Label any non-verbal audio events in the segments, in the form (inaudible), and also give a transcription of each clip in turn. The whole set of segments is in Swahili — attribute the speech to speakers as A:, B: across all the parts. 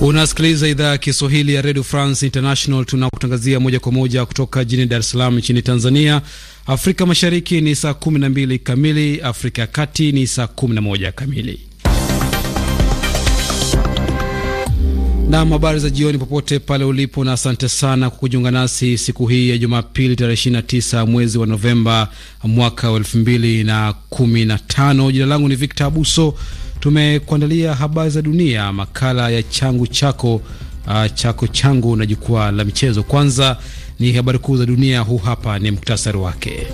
A: Unasikiliza idhaa ya Kiswahili ya Radio France International. Tunakutangazia moja kwa moja kutoka jijini Dar es Salaam nchini Tanzania. Afrika Mashariki ni saa 12 kamili, Afrika ya Kati ni saa 11 kamili. Nam, habari za jioni popote pale ulipo, na asante sana kwa kujiunga nasi siku hii ya Jumapili tarehe 29 mwezi wa Novemba mwaka wa 2015. Jina langu ni Victor Abuso Tumekuandalia habari za dunia, makala ya changu chako, uh, chako changu na jukwaa la michezo. Kwanza ni habari kuu za dunia, huu hapa ni muktasari wake.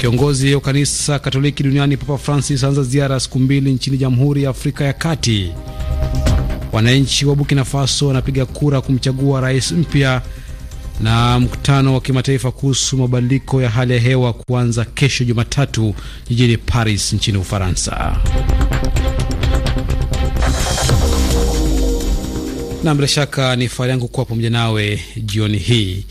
A: Kiongozi wa kanisa Katoliki duniani Papa Francis anza ziara siku mbili nchini Jamhuri ya Afrika ya Kati. Wananchi wa Burkina Faso wanapiga kura kumchagua rais mpya na mkutano wa kimataifa kuhusu mabadiliko ya hali ya hewa kuanza kesho Jumatatu jijini Paris nchini Ufaransa. Na bila shaka ni fahari yangu kuwa pamoja nawe jioni hii.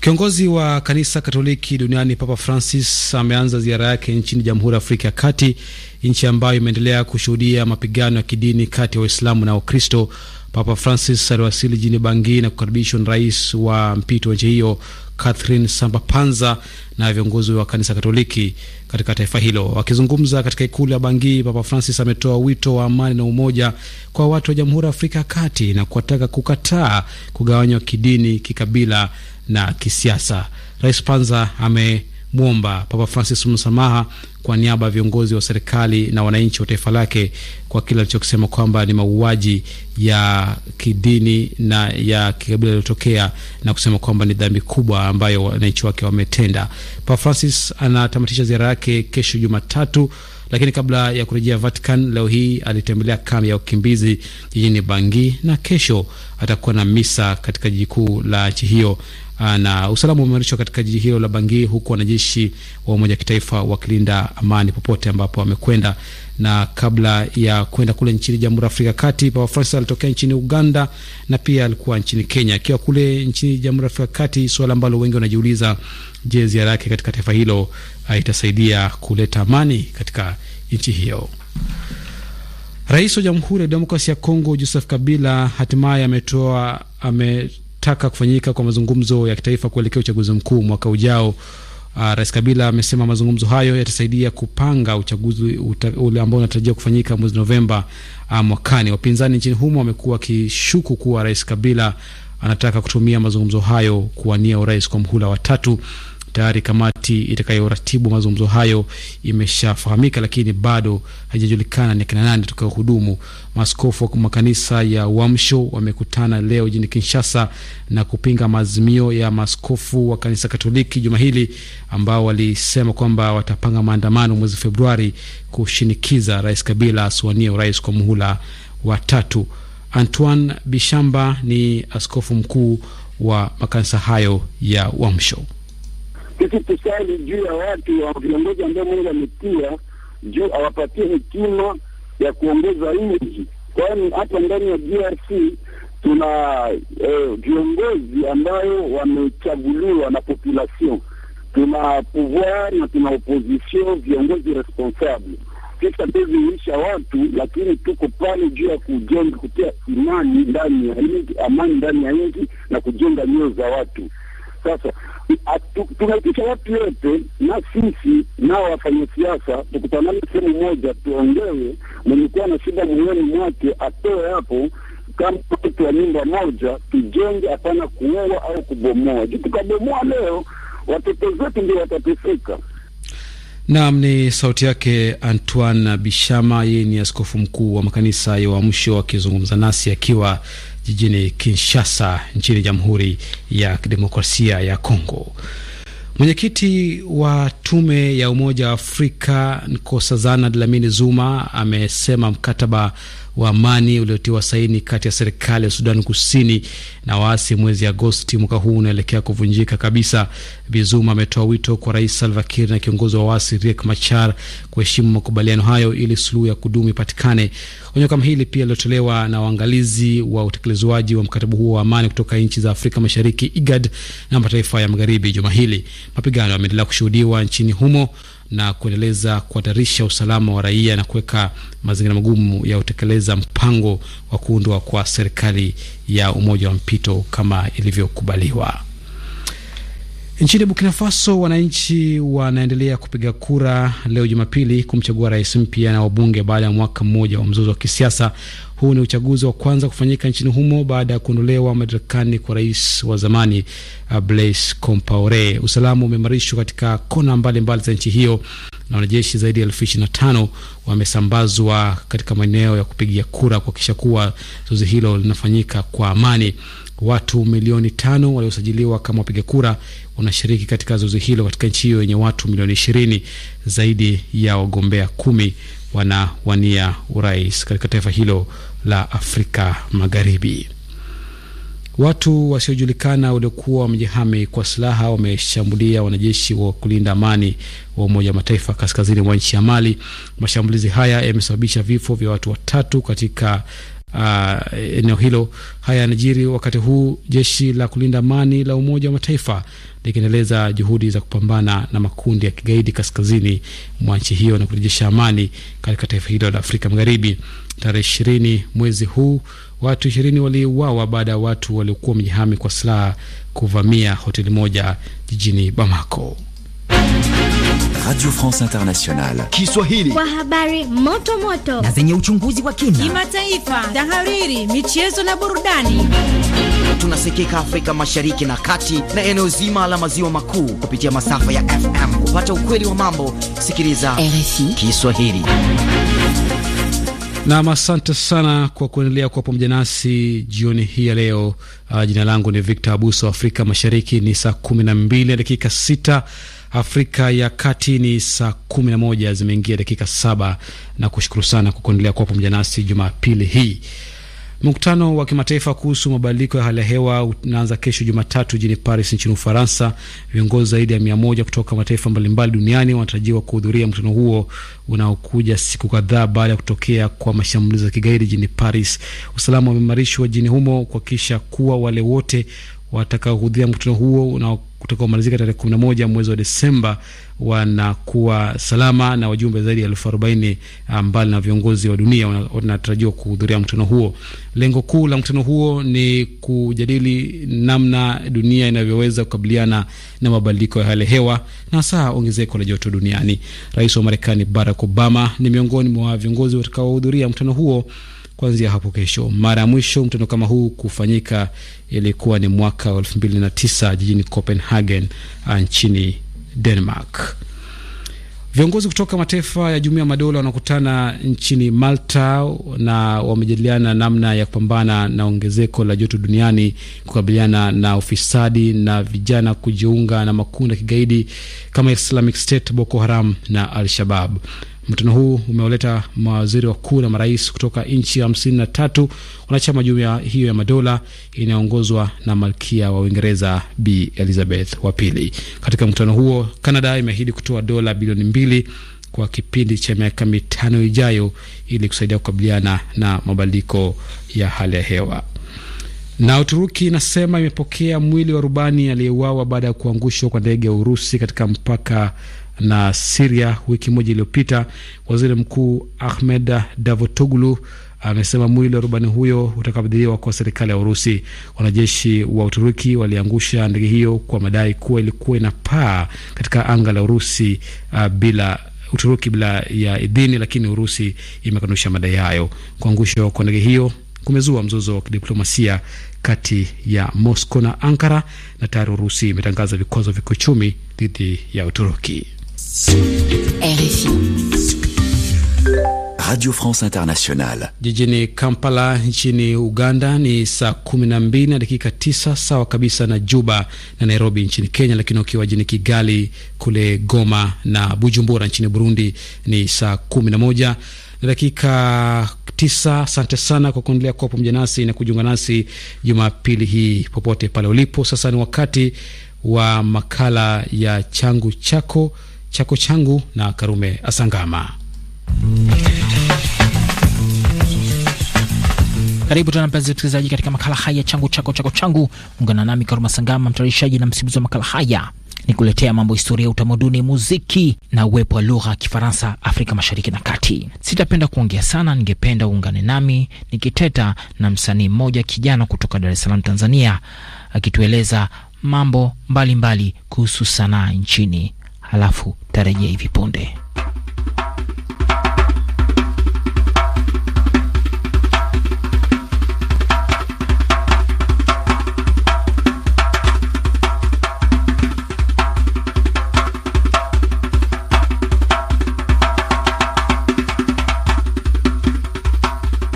A: Kiongozi wa kanisa Katoliki duniani Papa Francis ameanza ziara yake nchini Jamhuri ya Afrika ya Kati, nchi ambayo imeendelea kushuhudia mapigano ya kidini kati ya Waislamu na Wakristo Papa Francis aliwasili jijini bangi na kukaribishwa na rais wa mpito wa nchi hiyo Catherine Samba-Panza na viongozi wa kanisa Katoliki katika taifa hilo. Wakizungumza katika ikulu ya bangi Papa Francis ametoa wito wa amani na umoja kwa watu wa Jamhuri ya Afrika ya Kati na kuwataka kukataa kugawanywa kidini, kikabila na kisiasa. Rais Panza ame mwomba Papa Francis msamaha kwa niaba ya viongozi wa serikali na wananchi wa taifa lake kwa kile alichokisema kwamba ni mauaji ya kidini na ya kikabila yaliyotokea na kusema kwamba ni dhambi kubwa ambayo wananchi wake wametenda. Papa Francis anatamatisha ziara yake kesho Jumatatu, lakini kabla ya kurejea Vatican leo hii alitembelea kambi ya wakimbizi jijini Bangi na kesho atakuwa na misa katika jiji kuu la nchi hiyo. Ah, na usalama umeimarishwa katika jiji hilo la Bangui, huku wanajeshi wa Umoja wa Kitaifa wakilinda amani popote ambapo wamekwenda. Na kabla ya kwenda kule nchini Jamhuri ya Afrika Kati, Papa Francis alitokea nchini Uganda na pia alikuwa nchini Kenya. Akiwa kule nchini Jamhuri ya Afrika Kati, suala ambalo wengi wanajiuliza, je, ziara yake katika taifa hilo ah, itasaidia kuleta amani katika nchi hiyo? Rais wa Jamhuri ya Demokrasia ya Kongo Joseph Kabila hatimaye ametoa ame kutaka kufanyika kwa mazungumzo ya kitaifa kuelekea uchaguzi mkuu mwaka ujao. Uh, Rais Kabila amesema mazungumzo hayo yatasaidia kupanga uchaguzi ule ambao unatarajiwa kufanyika mwezi Novemba uh, mwakani. Wapinzani nchini humo wamekuwa wakishuku kuwa Rais Kabila anataka kutumia mazungumzo hayo kuwania urais kwa mhula wa tatu. Tayari kamati itakayoratibu mazungumzo hayo imeshafahamika, lakini bado haijajulikana ni kina nani tukayohudumu. Maskofu wa makanisa ya Uamsho wamekutana leo jijini Kinshasa na kupinga maazimio ya maskofu wa kanisa Katoliki juma hili, ambao walisema kwamba watapanga maandamano mwezi Februari kushinikiza Rais Kabila asiwanie urais kwa muhula wa tatu. Antoine Bishamba ni askofu mkuu wa makanisa hayo ya Uamsho
B: sisi tusali juu ya watu wa viongozi ambao Mungu ametia juu awapatie hekima ya kuongoza nchi, kwani hapa ndani ya DRC tuna eh, viongozi eh, ambayo wamechaguliwa na population. Tuna pouvoir na tuna opposition, viongozi responsable. Sisi hatuziisha watu, lakini tuko pale juu ya kujenga, kutia imani ndani ya nchi, amani ndani ya nchi na kujenga nyoyo za watu. Sasa tunaitisha watu wote na sisi nao wafanya siasa tukutanane sehemu moja, tuongewe mwenye kuwa na shida moyoni mwake atoe hapo, kama watu wa nyumba moja tujenge, hapana kuua au kubomoa. Juu tukabomoa leo watoto zetu ndio watateseka.
A: Naam, ni sauti yake Antoine Bishama, yeye ni askofu mkuu wa makanisa ya Uamsho akizungumza nasi akiwa jijini Kinshasa nchini Jamhuri ya Kidemokrasia ya Kongo. Mwenyekiti wa tume ya Umoja wa Afrika Nkosazana Dlamini Zuma amesema mkataba wa amani uliotiwa saini kati ya serikali ya Sudan Kusini na waasi mwezi Agosti mwaka huu unaelekea kuvunjika kabisa. Bizuma ametoa wito kwa Rais Salva Kiir na kiongozi wa waasi Riek Machar kuheshimu makubaliano hayo ili suluhu ya kudumu ipatikane. Onyo kama hili pia lilotolewa na waangalizi wa utekelezwaji wa mkataba huo wa amani kutoka nchi za Afrika Mashariki, IGAD, na mataifa ya magharibi juma hili. Mapigano yameendelea kushuhudiwa nchini humo na kuendeleza kuhatarisha usalama wa raia na kuweka mazingira magumu ya kutekeleza mpango wa kuundwa kwa serikali ya umoja wa mpito kama ilivyokubaliwa. Nchini Burkina Faso, wananchi wanaendelea kupiga kura leo Jumapili kumchagua rais mpya na wabunge baada ya mwaka mmoja wa mzozo wa kisiasa huu ni uchaguzi wa kwanza kufanyika nchini humo baada ya kuondolewa madarakani kwa rais wa zamani uh, Blaise Compaore. Usalama umeimarishwa katika kona mbalimbali za nchi hiyo na wanajeshi zaidi ya elfu ishirini na tano wamesambazwa katika maeneo ya kupigia kura kuhakikisha kuwa zoezi hilo linafanyika kwa amani watu milioni tano waliosajiliwa kama wapiga kura wanashiriki katika zoezi hilo katika nchi hiyo yenye watu milioni ishirini. Zaidi ya wagombea kumi wanawania urais katika taifa hilo la Afrika Magharibi. Watu wasiojulikana waliokuwa wamejihami kwa silaha wameshambulia wanajeshi wa kulinda amani wa Umoja wa Mataifa kaskazini mwa nchi ya Mali. Mashambulizi haya yamesababisha vifo vya watu watatu katika uh, eneo hilo. Haya yanajiri wakati huu jeshi la kulinda amani la Umoja wa Mataifa likiendeleza juhudi za kupambana na makundi ya kigaidi kaskazini mwa nchi hiyo na kurejesha amani katika taifa hilo la Afrika Magharibi. Tarehe ishirini mwezi huu watu ishirini waliuawa baada ya watu waliokuwa wamejihami kwa silaha kuvamia hoteli moja jijini Bamako.
C: Radio France Internationale
A: Kiswahili
D: kwa
E: habari moto moto na
A: zenye uchunguzi wa kina,
E: kimataifa, tahariri, michezo na burudani.
D: Tunasikika Afrika Mashariki na Kati na eneo zima la maziwa makuu kupitia masafa ya FM. Kupata ukweli wa mambo, sikiliza
A: RFI
E: Kiswahili.
A: Nam, asante sana kwa kuendelea kuwa pamoja nasi jioni hii ya leo. Uh, jina langu ni Victor Abuso. Afrika Mashariki ni saa 12 na dakika sita. Afrika ya Kati ni saa kumi na moja zimeingia dakika saba na kushukuru sana kwa kuendelea kuwa pamoja nasi Jumapili hii. Mkutano wa kimataifa kuhusu mabadiliko ya hali ya hewa unaanza kesho Jumatatu jijini Paris nchini Ufaransa. Viongozi zaidi ya mia moja kutoka mataifa mbalimbali duniani wanatarajiwa kuhudhuria mkutano huo unaokuja siku kadhaa baada ya kutokea kwa mashambulizi ya kigaidi jijini Paris. Usalama wameimarishwa jijini humo kuhakikisha kuwa wale wote watakaohudhuria mkutano huo unao utakaomalizika tarehe 11 mwezi wa Desemba wanakuwa salama na wajumbe zaidi ya elfu arobaini ah, mbali na viongozi wa dunia wanatarajiwa kuhudhuria mkutano huo. Lengo kuu la mkutano huo ni kujadili namna dunia inavyoweza kukabiliana na mabadiliko ya hali ya hewa na hasa ongezeko la joto duniani. Rais wa Marekani Barack Obama ni miongoni mwa viongozi watakaohudhuria mkutano huo kuanzia hapo kesho. Mara ya mwisho mtendo kama huu kufanyika ilikuwa ni mwaka wa elfu mbili na tisa jijini Copenhagen ah, nchini Denmark. Viongozi kutoka mataifa ya Jumuiya ya Madola wanakutana nchini Malta na wamejadiliana namna ya kupambana na ongezeko la joto duniani, kukabiliana na ufisadi na vijana kujiunga na makundi ya kigaidi kama Islamic State, Boko Haram na Al Shabab. Mkutano huu umeoleta mawaziri wakuu na marais kutoka nchi hamsini na tatu wanachama jumuiya hiyo ya madola inayoongozwa na malkia wa Uingereza b Elizabeth wa pili. Katika mkutano huo, Canada imeahidi kutoa dola bilioni mbili kwa kipindi cha miaka mitano ijayo ili kusaidia kukabiliana na mabadiliko ya hali ya hewa. Na Uturuki inasema imepokea mwili wa rubani aliyeuawa baada ya kuangushwa kwa ndege ya Urusi katika mpaka na Siria wiki moja iliyopita. Waziri Mkuu Ahmed Davutoglu amesema mwili wa rubani huyo utakabidhiwa kwa serikali ya Urusi. Wanajeshi wa Uturuki waliangusha ndege hiyo kwa madai kuwa ilikuwa inapaa katika anga la Urusi uh, bila Uturuki bila ya idhini, lakini Urusi imekanusha madai hayo. Kuangushwa kwa ndege hiyo kumezua mzozo wa kidiplomasia kati ya Moscow na Ankara, na tayari Urusi imetangaza vikwazo vya kiuchumi dhidi ya Uturuki.
E: RFI.
C: Radio France Internationale.
A: Jijini Kampala nchini Uganda ni saa 12 na dakika 9 sawa kabisa na Juba na Nairobi nchini Kenya, lakini ukiwa jini Kigali kule Goma na Bujumbura nchini Burundi ni saa 11 na dakika tisa. Asante sana kwa kuendelea kuwa pamoja nasi na kujiunga nasi Jumapili hii popote pale ulipo. Sasa ni wakati wa makala ya changu chako Chako Changu na Karume Asangama. Karibu
D: tena mpenzi msikilizaji, katika makala haya changu chako chako changu. Ungana nami Karume Asangama, mtayarishaji na msimulizi wa makala haya, ni kuletea mambo, historia, utamaduni, muziki na uwepo wa lugha ya Kifaransa Afrika Mashariki na Kati. Sitapenda kuongea sana, ningependa uungane nami nikiteta na msanii mmoja kijana kutoka Dar es Salaam, Tanzania, akitueleza mambo mbalimbali kuhusu sanaa nchini, halafu tarejea hivi punde.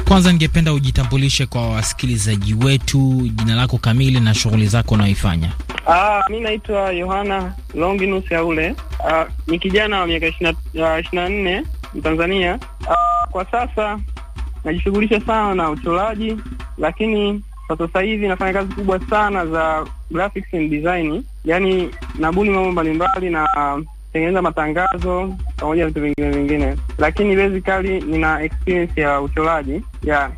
D: Kwanza ningependa ujitambulishe kwa wasikilizaji wetu, jina lako kamili na shughuli zako unaoifanya.
F: Ah, mi naitwa Yohana Longinus Yaule. Ah, ni kijana wa miaka ishirini ah, na nne Mtanzania. Ah, kwa sasa najishughulisha sana na uchoraji, lakini kwa sasa hivi nafanya kazi kubwa sana za graphics and design, yaani nabuni mambo mbalimbali na kutengeneza matangazo pamoja na vitu vingine vingine, lakini basically nina experience ya uchoraji yeah.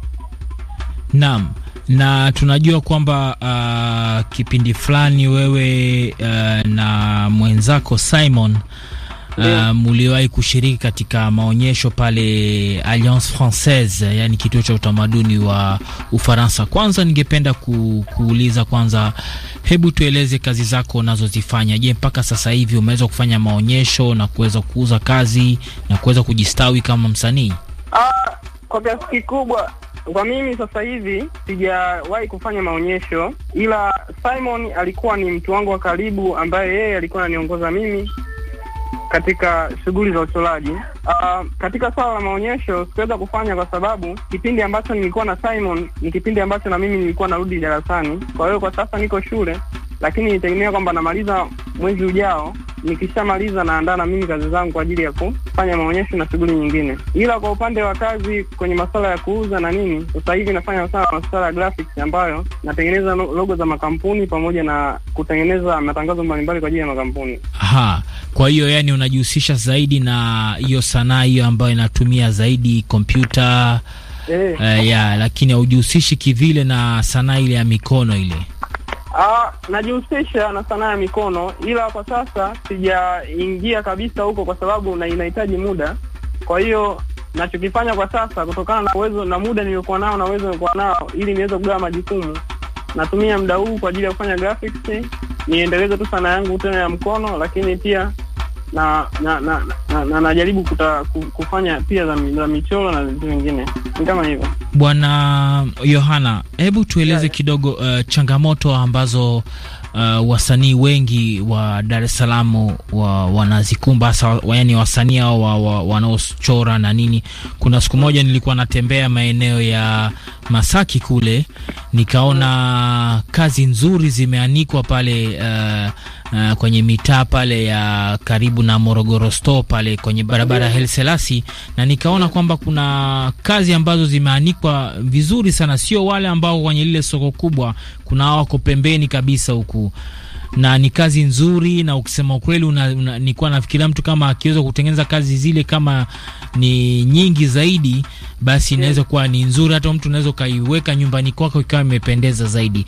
D: Naam, na tunajua kwamba uh, kipindi fulani wewe uh, na mwenzako Simon yeah. Mliwahi kushiriki katika maonyesho pale Alliance Francaise, yani kituo cha utamaduni wa Ufaransa. Kwanza ningependa ku, kuuliza kwanza, hebu tueleze kazi zako unazozifanya. Je, mpaka sasa hivi umeweza kufanya maonyesho na kuweza kuuza kazi na kuweza kujistawi kama msanii?
F: Ah, kwa kiasi kikubwa kwa mimi sasa hivi sijawahi kufanya maonyesho, ila Simon alikuwa ni mtu wangu wa karibu ambaye yeye alikuwa ananiongoza mimi katika shughuli za uchoraji. Uh, ah, katika swala la maonyesho sikuweza kufanya kwa sababu kipindi ambacho nilikuwa na Simon ni kipindi ambacho na mimi nilikuwa narudi darasani. Kwa hiyo kwa sasa niko shule, lakini nitegemea kwamba namaliza mwezi ujao. Nikishamaliza naandaa na mimi kazi zangu kwa ajili ya kufanya maonyesho na shughuli nyingine. Ila kwa upande wa kazi kwenye masuala ya kuuza na nini, sasa hivi nafanya sana masuala ya graphics, ambayo natengeneza logo za makampuni pamoja na kutengeneza matangazo mbalimbali kwa ajili ya makampuni.
D: Aha, kwa hiyo yani unajihusisha zaidi na hiyo sanaa hiyo ambayo inatumia zaidi kompyuta e. Uh, ya lakini haujihusishi kivile na sanaa ile ya mikono ile?
F: Ah, najihusisha na sanaa ya mikono, ila kwa sasa sijaingia kabisa huko kwa sababu na inahitaji muda. Kwa hiyo nachokifanya kwa sasa kutokana na uwezo na muda niliokuwa nao na uwezo niliokuwa nao, ili niweze kugawa majukumu, natumia muda huu kwa ajili ya kufanya graphics, niendeleze tu sanaa yangu tena ya mkono, lakini pia na na na, na, na najaribu kufanya pia za, za michoro na vitu vingine kama hivyo.
D: Bwana Yohana, hebu tueleze yeah, kidogo uh, changamoto ambazo uh, wasanii wengi wa Dar es Salaam wa, wanazikumba hasa wa, yani wasanii hao wa, wa, wanaochora na nini. Kuna siku moja nilikuwa natembea maeneo ya Masaki kule nikaona kazi nzuri zimeanikwa pale uh, Ah, kwenye mitaa pale ya karibu na Morogoro store pale kwenye barabara ya Helselasi, na nikaona kwamba kuna kazi ambazo zimeanikwa vizuri sana, sio wale ambao kwenye lile soko kubwa, kuna wako pembeni kabisa huku na ni kazi nzuri, na ukisema ukweli, nilikuwa nafikiria mtu kama akiweza kutengeneza kazi zile kama ni nyingi zaidi, basi inaweza kuwa ni nzuri, hata mtu unaweza ukaiweka nyumbani kwako ikawa imependeza zaidi.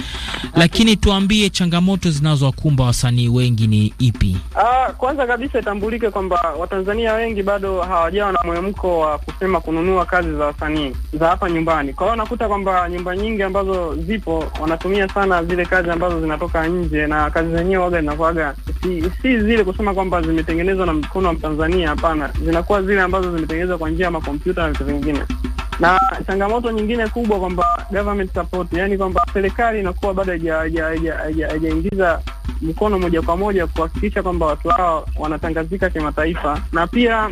D: Lakini tuambie, changamoto zinazowakumba wasanii wengi ni ipi?
F: Ah, kwanza kabisa itambulike kwamba Watanzania wengi bado hawajawa na mwemko wa kusema kununua kazi za wasanii za hapa nyumbani. Kwa hiyo nakuta kwamba nyumba nyingi ambazo zipo wanatumia sana zile kazi ambazo zinatoka nje na kazi Tanzania waga inakuwaga si, si zile kusema kwamba zimetengenezwa na mkono wa Mtanzania, hapana, zinakuwa zile ambazo zimetengenezwa kwa njia ya makompyuta na vitu vingine. Na changamoto nyingine kubwa kwamba government support, yani kwamba serikali inakuwa bado haijaingiza mkono moja kwa moja kuhakikisha kwamba watu hao wanatangazika kimataifa, na pia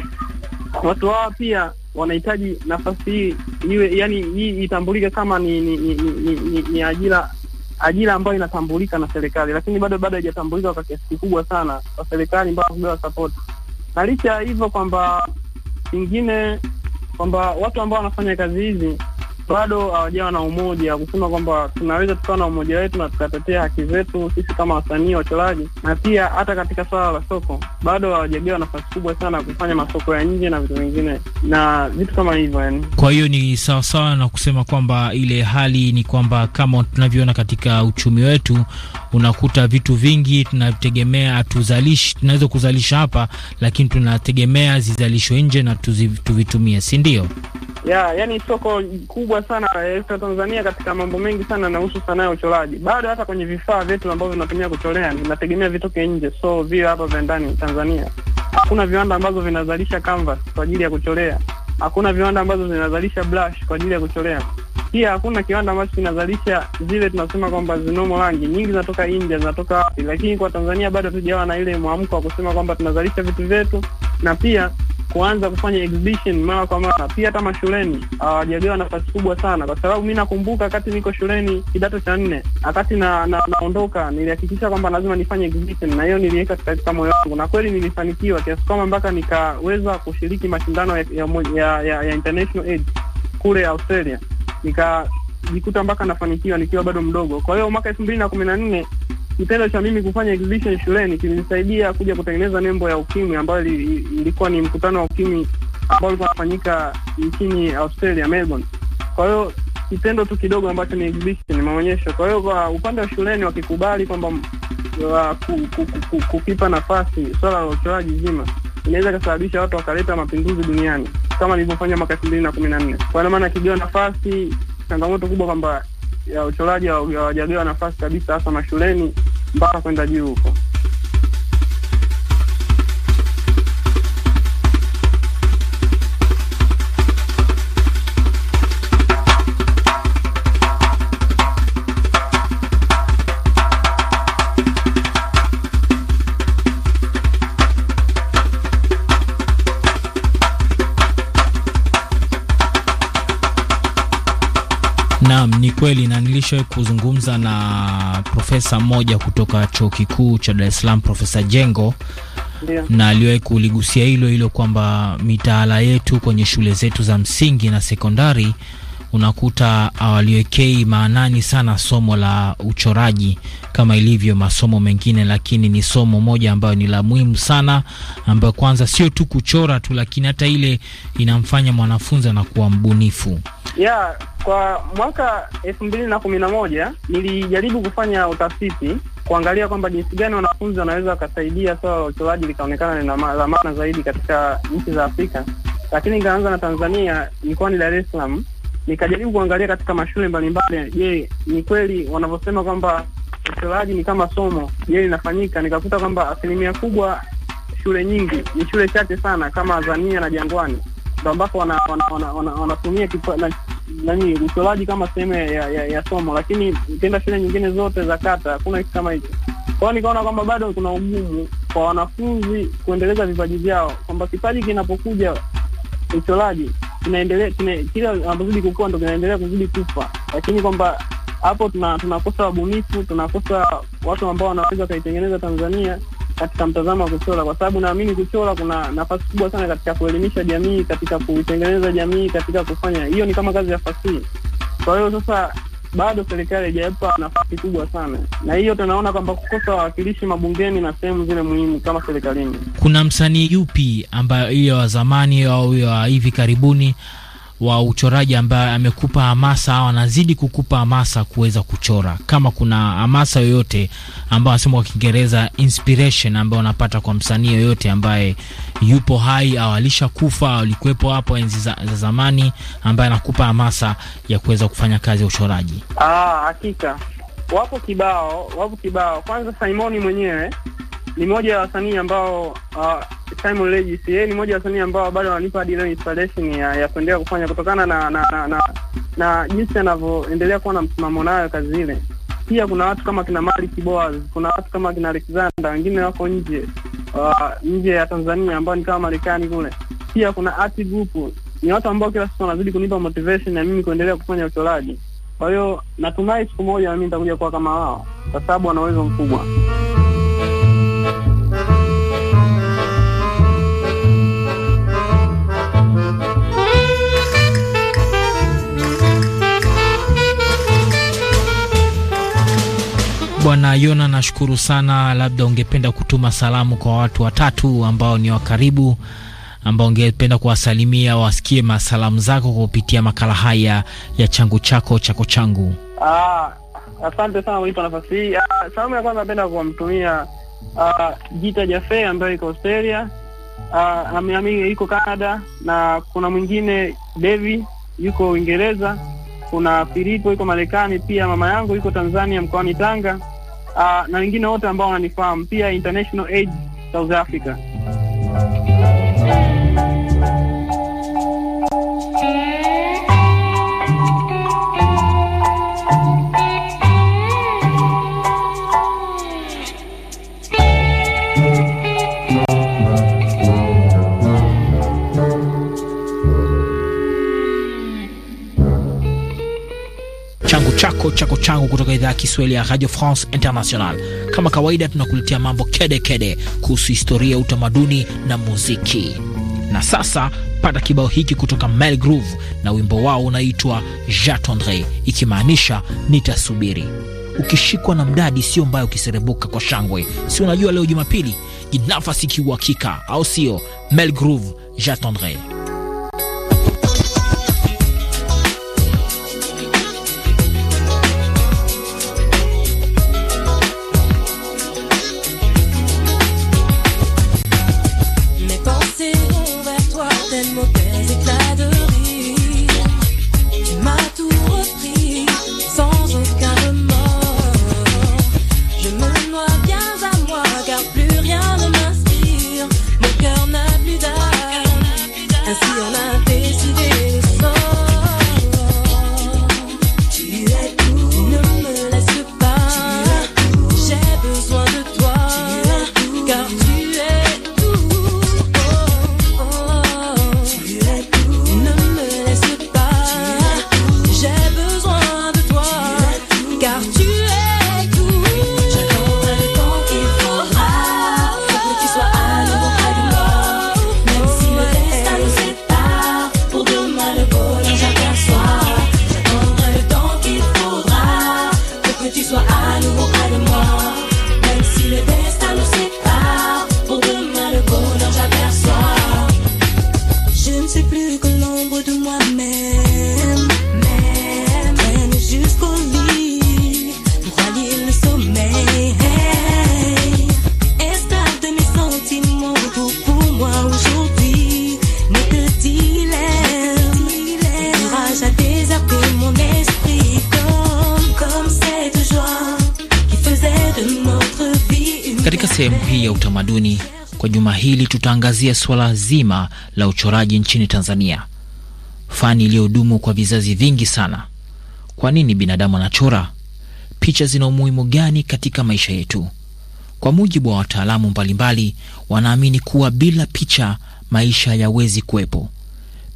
F: watu hao pia wanahitaji nafasi hii iwe, yani hii itambulike kama ni, ni, ni, ni, ni, ni ajira ajira ambayo inatambulika na serikali, lakini bado bado haijatambulika kwa kiasi kikubwa sana kwa serikali ambayo hakupewa support. Na licha ya hivyo kwamba pengine kwamba watu ambao wanafanya kazi hizi bado hawajawa na umoja kusema kwamba tunaweza tukawa na umoja wetu na tukatetea haki zetu sisi kama wasanii wachoraji, na pia hata katika swala la soko bado hawajagewa nafasi kubwa sana kufanya masoko ya nje na vitu vingine na vitu kama hivyo yani.
D: Kwa hiyo ni sawasawa na kusema kwamba ile hali ni kwamba kama tunavyoona katika uchumi wetu unakuta vitu vingi tunategemea tuzalishi tunaweza kuzalisha hapa, lakini tunategemea zizalishwe nje na tuvitumie, si ndio?
F: ya yani soko kubwa sana la eh, Tanzania katika mambo mengi sana nahusu sanaa ya uchoraji. Bado hata kwenye vifaa vyetu ambavyo tunatumia kuchorea vinategemea vitoke nje, so vile hapa vya ndani Tanzania hakuna viwanda ambazo vinazalisha canvas kwa ajili ya kuchorea, hakuna viwanda ambazo vinazalisha brush kwa ajili ya kuchorea, pia hakuna kiwanda ambacho kinazalisha zile tunasema kwamba zinomo rangi nyingi, zinatoka India, zinatoka wapi. Lakini kwa Tanzania bado hatujawa na ile mwamko wa kusema kwamba tunazalisha vitu vyetu na pia kuanza kufanya exhibition mara kwa mara, pia hata mashuleni hawajagewa ah, uh, nafasi kubwa sana, kwa sababu mi nakumbuka wakati niko shuleni kidato cha nne, wakati na, na, naondoka nilihakikisha kwamba lazima nifanye exhibition, na hiyo niliweka katika moyo wangu, na kweli nilifanikiwa kiasi kwamba mpaka nikaweza kushiriki mashindano ya, ya, ya, ya international aid kule Australia nikajikuta mpaka nafanikiwa nikiwa bado mdogo. Kwa hiyo mwaka elfu mbili na kumi na nne kitendo cha mimi kufanya exhibition shuleni kilinisaidia kuja kutengeneza nembo ya ukimwi ambayo ilikuwa ni mkutano wa ukimwi ambao ulikuwa unafanyika nchini Australia, Melbourne. Kwa hiyo kitendo tu kidogo ambacho ni exhibition, maonyesho. Kwa hiyo kwa upande wa shuleni wakikubali kwamba wa ku, ku, ku, ku, kukipa nafasi swala la uchoraji zima inaweza ikasababisha watu wakaleta mapinduzi duniani kama nilivyofanya mwaka elfu mbili na kumi na nne. Kwa maana kibiwa nafasi, changamoto kubwa kwamba ya uchoraji hawajagawa nafasi kabisa, hasa mashuleni mpaka kwenda juu huko.
D: Naam, ni kweli na nilishawahi kuzungumza na profesa mmoja kutoka Chuo Kikuu cha Dar es Salaam, Profesa Jengo Ndiyo. na aliwahi kuligusia hilo hilo kwamba mitaala yetu kwenye shule zetu za msingi na sekondari unakuta hawaliwekei uh, maanani sana somo la uchoraji kama ilivyo masomo mengine, lakini ni somo moja ambayo ni la muhimu sana, ambayo kwanza sio tu kuchora tu, lakini hata ile inamfanya mwanafunzi anakuwa mbunifu
F: yeah. Kwa mwaka elfu mbili na kumi na moja nilijaribu kufanya utafiti kuangalia kwamba jinsi gani wanafunzi wanaweza wakasaidia swala la uchoraji likaonekana ni la maana zaidi katika nchi za Afrika, lakini nikaanza na Tanzania, ilikuwa ni Dar es Salaam nikajaribu kuangalia katika mashule mbalimbali, je, ni kweli wanavyosema kwamba uchoraji ni kama somo, je, linafanyika? Nikakuta kwamba asilimia kubwa shule nyingi ni shule chache sana kama Azania na Jangwani ndo ambapo wanatumia wana, nani uchoraji kama sehemu ya, ya, ya somo, lakini ukienda shule nyingine zote za kata hakuna kitu kama hicho. Kwao nikaona kwamba bado kuna ugumu kwa wanafunzi kuendeleza vipaji vyao, kwamba kipaji kinapokuja uchoraji tunaendelea kila tunazidi kukua ndo tunaendelea kuzidi kufa, lakini kwamba hapo tunakosa tuna wabunifu, tunakosa watu ambao wanaweza wakaitengeneza Tanzania katika mtazamo wa kuchora, kwa sababu naamini kuchora kuna nafasi kubwa sana katika kuelimisha jamii, katika kuitengeneza jamii, katika kufanya hiyo ni kama kazi ya fasihi. Kwa hiyo sasa bado serikali haijaipa nafasi kubwa sana, na hiyo tunaona kwamba kukosa wawakilishi mabungeni na sehemu zile muhimu kama serikalini.
D: Kuna msanii yupi ambayo hiyo wa zamani au wa hivi karibuni wa uchoraji ambaye amekupa hamasa au anazidi kukupa hamasa kuweza kuchora? Kama kuna hamasa yoyote ambayo anasema kwa Kiingereza inspiration ambayo unapata kwa msanii yoyote ambaye yupo hai au alishakufa au alikuwepo hapo enzi za, za zamani ambaye anakupa hamasa ya kuweza kufanya kazi ya uchoraji?
F: Ah, hakika wapo kibao, wapo kibao. Kwanza Simoni mwenyewe ni moja ya wasanii ambao uh, Simon Legis yeye ni moja ya wasanii ambao bado wananipa hadi leo inspiration ya, ya kuendelea kufanya kutokana na na na, na, na jinsi anavyoendelea kuwa na msimamo nayo kazi zile. Pia kuna watu kama kina Malik Boaz, kuna watu kama kina Alexander, wengine wako nje uh, nje ya Tanzania ambao ni kama Marekani kule. Pia kuna Art Group, ni watu ambao kila siku wanazidi kunipa motivation na mimi kuendelea kufanya uchoraji. Kwa hiyo natumai siku moja na mimi nitakuja kuwa kama wao, kwa sababu wana uwezo mkubwa.
D: Bwana Yona, nashukuru sana. Labda ungependa kutuma salamu kwa watu watatu ambao ni wa karibu, ambao ungependa kuwasalimia wasikie masalamu zako kupitia makala haya ya changu chako chako changu.
F: Ah, asante sana kunipa nafasi hii. Ah, salamu ya kwanza napenda kuwamtumia ah, Jita Jafe ambayo iko Australia, ah, na iko Canada, na kuna mwingine Devi yuko Uingereza, kuna Filipo iko Marekani, pia mama yangu yuko Tanzania mkoani Tanga Ah, na wengine wote ambao wananifahamu pia International Aid South Africa.
C: chako
D: chako changu kutoka idhaa ya Kiswahili ya Radio France International. Kama kawaida, tunakuletea mambo kedekede kuhusu historia, utamaduni na muziki. Na sasa pata kibao hiki kutoka Mel Groove na wimbo wao unaitwa Jatondre, ikimaanisha nitasubiri. Ukishikwa na mdadi sio mbaya, ukiserebuka kwa shangwe, si unajua leo Jumapili, jinafasi kiuhakika, au sio? Mel Groove, Jatondre. sehemu hii ya utamaduni kwa juma hili tutaangazia suala zima la uchoraji nchini Tanzania, fani iliyodumu kwa vizazi vingi sana. Kwa nini binadamu anachora? Picha zina umuhimu gani katika maisha yetu? Kwa mujibu wa wataalamu mbalimbali, wanaamini kuwa bila picha maisha hayawezi kuwepo.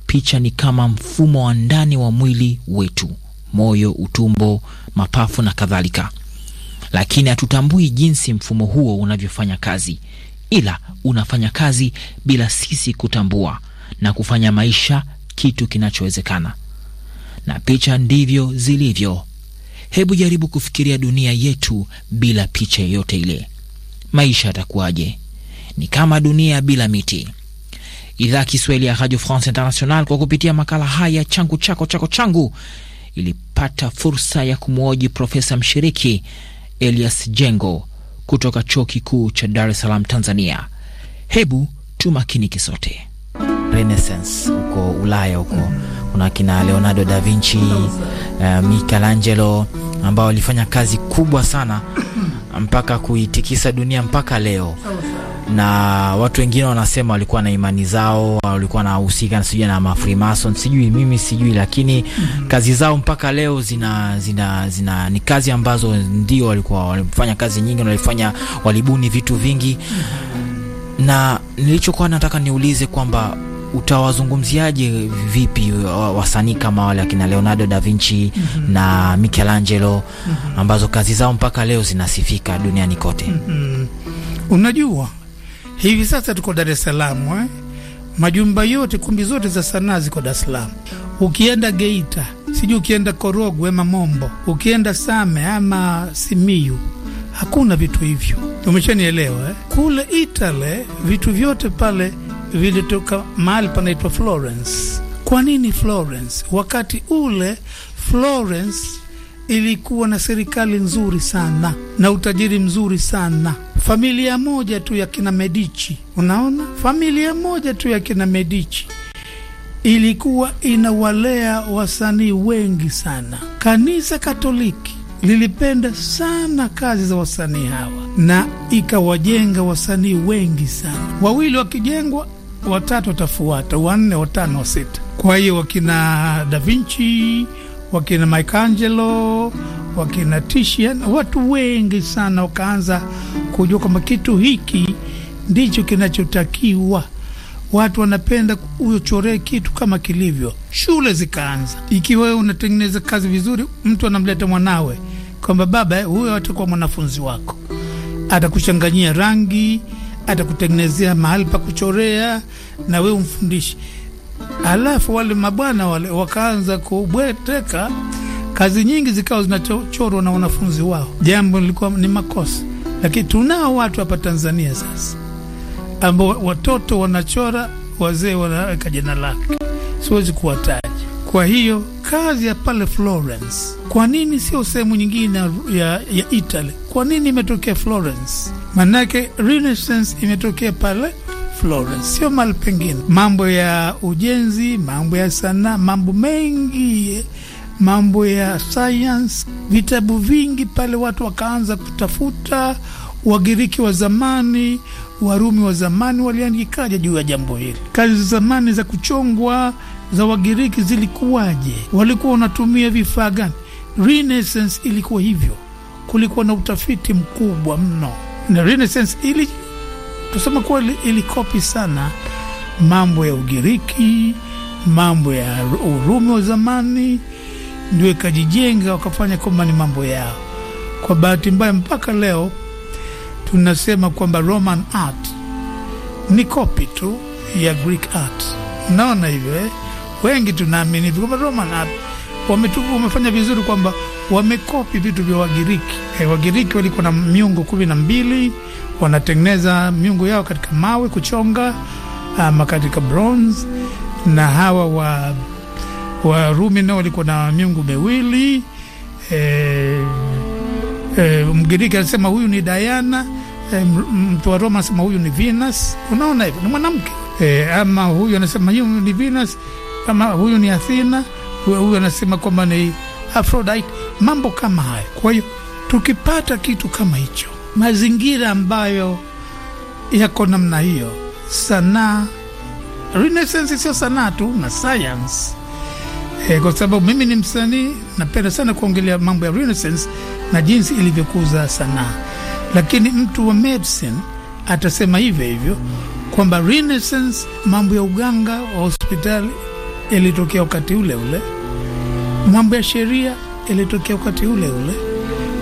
D: Picha ni kama mfumo wa ndani wa mwili wetu, moyo, utumbo, mapafu na kadhalika lakini hatutambui jinsi mfumo huo unavyofanya kazi, ila unafanya kazi bila sisi kutambua na kufanya maisha kitu kinachowezekana. Na picha ndivyo zilivyo. Hebu jaribu kufikiria dunia yetu bila picha yoyote ile, maisha yatakuwaje? Ni kama dunia bila miti. Idhaa Kiswahili ya Radio France International kwa kupitia makala haya changu chako chako changu ilipata fursa ya kumwoji profesa mshiriki Elias Jengo kutoka chuo kikuu cha Dar es Salaam, Tanzania. Hebu tumakinike sote. Renaissance huko Ulaya huko kuna kina Leonardo da Vinci, uh, Michelangelo ambao walifanya kazi kubwa sana mpaka kuitikisa dunia mpaka leo na watu wengine wanasema walikuwa na imani zao, walikuwa nahusika sijui na Mafrimason, sijui mimi sijui, lakini mm -hmm. kazi zao mpaka leo zina, zina, zina ni kazi ambazo ndio walikuwa walifanya kazi nyingi, walifanya walibuni vitu vingi mm -hmm. na nilichokuwa nataka niulize kwamba utawazungumziaje vipi wasanii kama wale akina Leonardo da Vinci mm -hmm. na Michelangelo
E: mm
G: -hmm.
D: ambazo kazi zao mpaka leo zinasifika duniani kote
G: mm -hmm. unajua Hivi sasa tuko Dar es Salaam eh? Majumba yote kumbi zote za sanaa ziko Dar es Salaam. Ukienda Geita, sijui ukienda Korogwe ama Mombo, ukienda Same ama Simiyu, hakuna vitu hivyo. Umeshanielewa eh? Kule itale vitu vyote pale vilitoka mahali panaitwa Florence. Kwa nini Florence? Wakati ule Florence ilikuwa na serikali nzuri sana na utajiri mzuri sana familia moja tu ya kina Medici, unaona, familia moja tu ya kina Medici ilikuwa inawalea wasanii wengi sana. Kanisa Katoliki lilipenda sana kazi za wasanii hawa na ikawajenga wasanii wengi sana. Wawili wakijengwa, watatu watafuata, wanne, watano, wasita. Kwa hiyo wakina Da Vinci, wakina Michelangelo wakina Tishia na watu wengi sana wakaanza kujua kwamba kitu hiki ndicho kinachotakiwa. Watu wanapenda uchoree kitu kama kilivyo. Shule zikaanza, ikiwa wewe unatengeneza kazi vizuri, mtu anamleta mwanawe kwamba baba, eh, huyo atakuwa mwanafunzi wako, atakuchanganyia rangi, atakutengenezea mahali pa kuchorea na wewe umfundishi Alafu wale mabwana wale wakaanza kubweteka kazi nyingi zikawa zinachorwa na wanafunzi wao, jambo lilikuwa ni makosa. Lakini tunao watu hapa Tanzania sasa ambao watoto wanachora, wazee wanaweka jina lake, siwezi kuwataja. Kwa hiyo kazi ya pale Florence, kwa nini sio sehemu nyingine ya, ya Italy? Kwa nini imetokea Florence? Manake Renaissance imetokea pale Florence, sio mahali pengine. Mambo ya ujenzi, mambo ya sanaa, mambo mengi mambo ya science, vitabu vingi pale, watu wakaanza kutafuta Wagiriki wa zamani, Warumi wa zamani waliandikaje juu ya jambo hili? Kazi za zamani za kuchongwa za Wagiriki zilikuwaje? Walikuwa wanatumia vifaa gani? Renaissance ilikuwa hivyo, kulikuwa na utafiti mkubwa mno, na Renaissance ili tusema kuwa ilikopi sana mambo ya Ugiriki, mambo ya Urumi wa zamani ndio ikajijenga wakafanya kwamba ni mambo yao. Kwa bahati mbaya, mpaka leo tunasema kwamba Roman art ni kopi tu ya Greek art. Naona hivyo eh? Wengi tunaamini hivyo kwamba Roman art wametubu, wamefanya vizuri kwamba wamekopi vitu vya Wagiriki. Eh, Wagiriki walikuwa na miungu kumi na mbili, wanatengeneza miungu yao katika mawe kuchonga ama katika bronze, na hawa wa Warumi nao walikuwa na miungu miwili e, e, Mgiriki anasema huyu ni Diana e, mtu wa Roma anasema huyu ni Venus. Unaona hivyo ni mwanamke e, ama huyu anasema huyu ni Venus, ama huyu ni Athena, huyu anasema kwamba ni Aphrodite, mambo kama haya. Kwa hiyo tukipata kitu kama hicho, mazingira ambayo yako namna hiyo, sanaa Renaissance sio sanaa tu na science e, kwa sababu mimi ni msanii, napenda sana kuongelea mambo ya Renaissance na jinsi ilivyokuza sanaa, lakini mtu wa medicine atasema hivyo hivyo kwamba Renaissance, mambo ya uganga wa hospitali ilitokea wakati ule ule, mambo ya sheria ilitokea wakati ule ule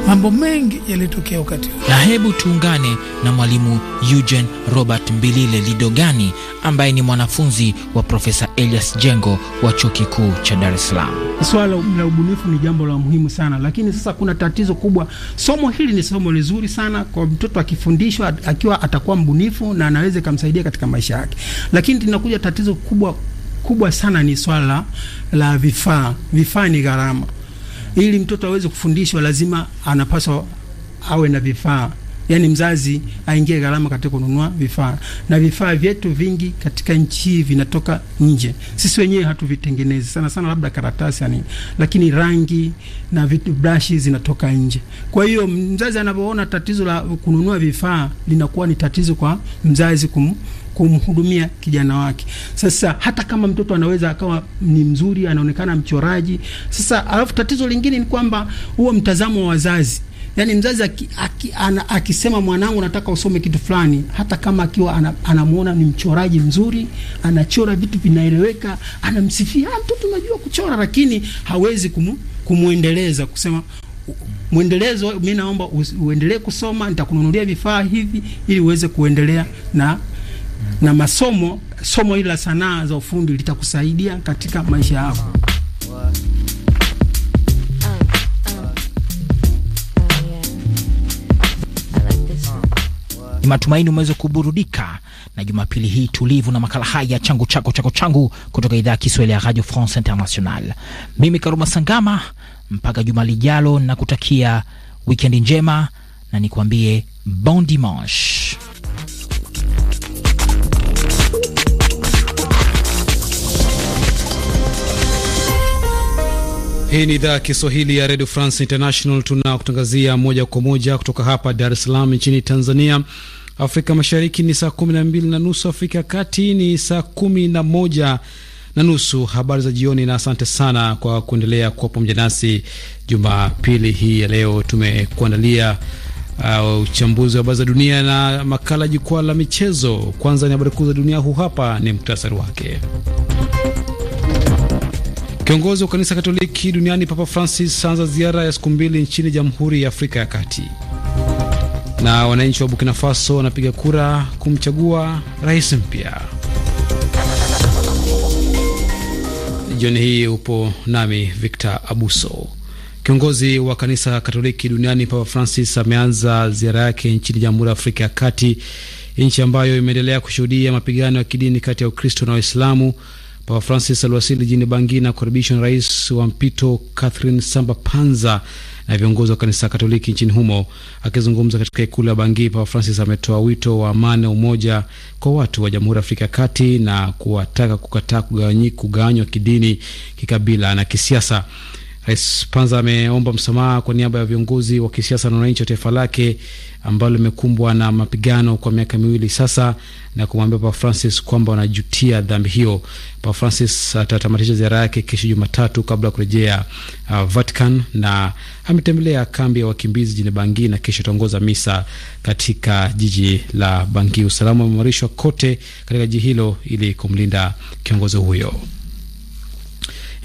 G: Mambo mengi yalitokea wakati huo,
D: na hebu tuungane na mwalimu Eugene Robert Mbilile Lidogani ambaye ni mwanafunzi wa Profesa Elias Jengo wa Chuo Kikuu cha Dar es Salaam.
C: Swala la ubunifu ni jambo la muhimu sana, lakini sasa kuna tatizo kubwa. Somo hili ni somo lizuri sana kwa mtoto, akifundishwa akiwa atakuwa mbunifu na anaweza ikamsaidia katika maisha yake, lakini linakuja tatizo kubwa kubwa sana, ni swala la vifaa. Vifaa ni gharama ili mtoto aweze kufundishwa, lazima anapaswa awe na vifaa, yaani mzazi aingie gharama katika kununua vifaa, na vifaa vyetu vingi katika nchi hii vinatoka nje, sisi wenyewe hatuvitengenezi sana sana, labda karatasi yani, lakini rangi na vitu brashi zinatoka nje. Kwa hiyo mzazi anapoona tatizo la kununua vifaa linakuwa ni tatizo kwa mzazi kum kumhudumia kijana wake. Sasa hata kama mtoto anaweza akawa ni mzuri, anaonekana mchoraji. Sasa alafu tatizo lingine ni kwamba huo mtazamo wa wazazi Yani, mzazi akisema mwanangu, nataka usome kitu fulani, hata kama akiwa anamwona ana ni mchoraji mzuri, anachora vitu vinaeleweka, anamsifia ah, mtoto, unajua kuchora, lakini hawezi kumu, kumwendeleza kusema mwendelezo, mimi naomba uendelee kusoma, nitakununulia vifaa hivi ili uweze kuendelea na Mm-hmm. na masomo, somo hili la sanaa za ufundi litakusaidia katika maisha yako.
D: Ni matumaini umeweza kuburudika na Jumapili hii tulivu na makala haya changu chako chako changu kutoka idhaa ya Kiswahili ya Radio France International. Mimi Karuma Sangama, mpaka juma lijalo, na kutakia wikendi njema na nikwambie bon dimanche.
A: Hii ni idhaa ya Kiswahili ya Radio France International. Tunakutangazia moja kwa moja kutoka hapa Dar es Salaam nchini Tanzania. Afrika Mashariki ni saa kumi na mbili na nusu, Afrika ya Kati ni saa kumi na moja na nusu. Habari za jioni, na asante sana kwa kuendelea kuwa pamoja nasi Jumapili hii ya leo. Tumekuandalia uh, uchambuzi wa habari za dunia na makala jukwaa la michezo. Kwanza ni habari kuu za dunia, huu hapa ni muhtasari wake. Kiongozi wa kanisa Katoliki duniani Papa Francis anza ziara ya siku mbili nchini Jamhuri ya Afrika ya Kati. Na wananchi wa Burkina Faso wanapiga kura kumchagua rais mpya. Jioni hii upo nami Victor Abuso. Kiongozi wa kanisa Katoliki duniani Papa Francis ameanza ziara yake nchini Jamhuri ya Afrika ya Kati, nchi ambayo imeendelea kushuhudia mapigano ya kidini kati ya Ukristo na Waislamu Papa Francis aliwasili jijini bangi na kukaribishwa na rais wa mpito Catherine Samba Panza na viongozi wa kanisa Katoliki nchini humo. Akizungumza katika ikulu ya bangi Papa Francis ametoa wito wa amani na umoja kwa watu wa Jamhuri ya Afrika ya Kati na kuwataka kukataa kugawanywa kidini, kikabila na kisiasa. Rais Panza ameomba msamaha kwa niaba ya viongozi wa kisiasa na wananchi wa taifa lake ambalo limekumbwa na mapigano kwa miaka miwili sasa, na kumwambia Papa Francis kwamba wanajutia dhambi hiyo. Papa Francis atatamatisha ziara yake kesho Jumatatu kabla ya kurejea uh, Vatican, na ametembelea kambi ya wakimbizi jijini bangi na kesho ataongoza misa katika jiji la bangi Usalama umeimarishwa kote katika jiji hilo ili kumlinda kiongozi huyo.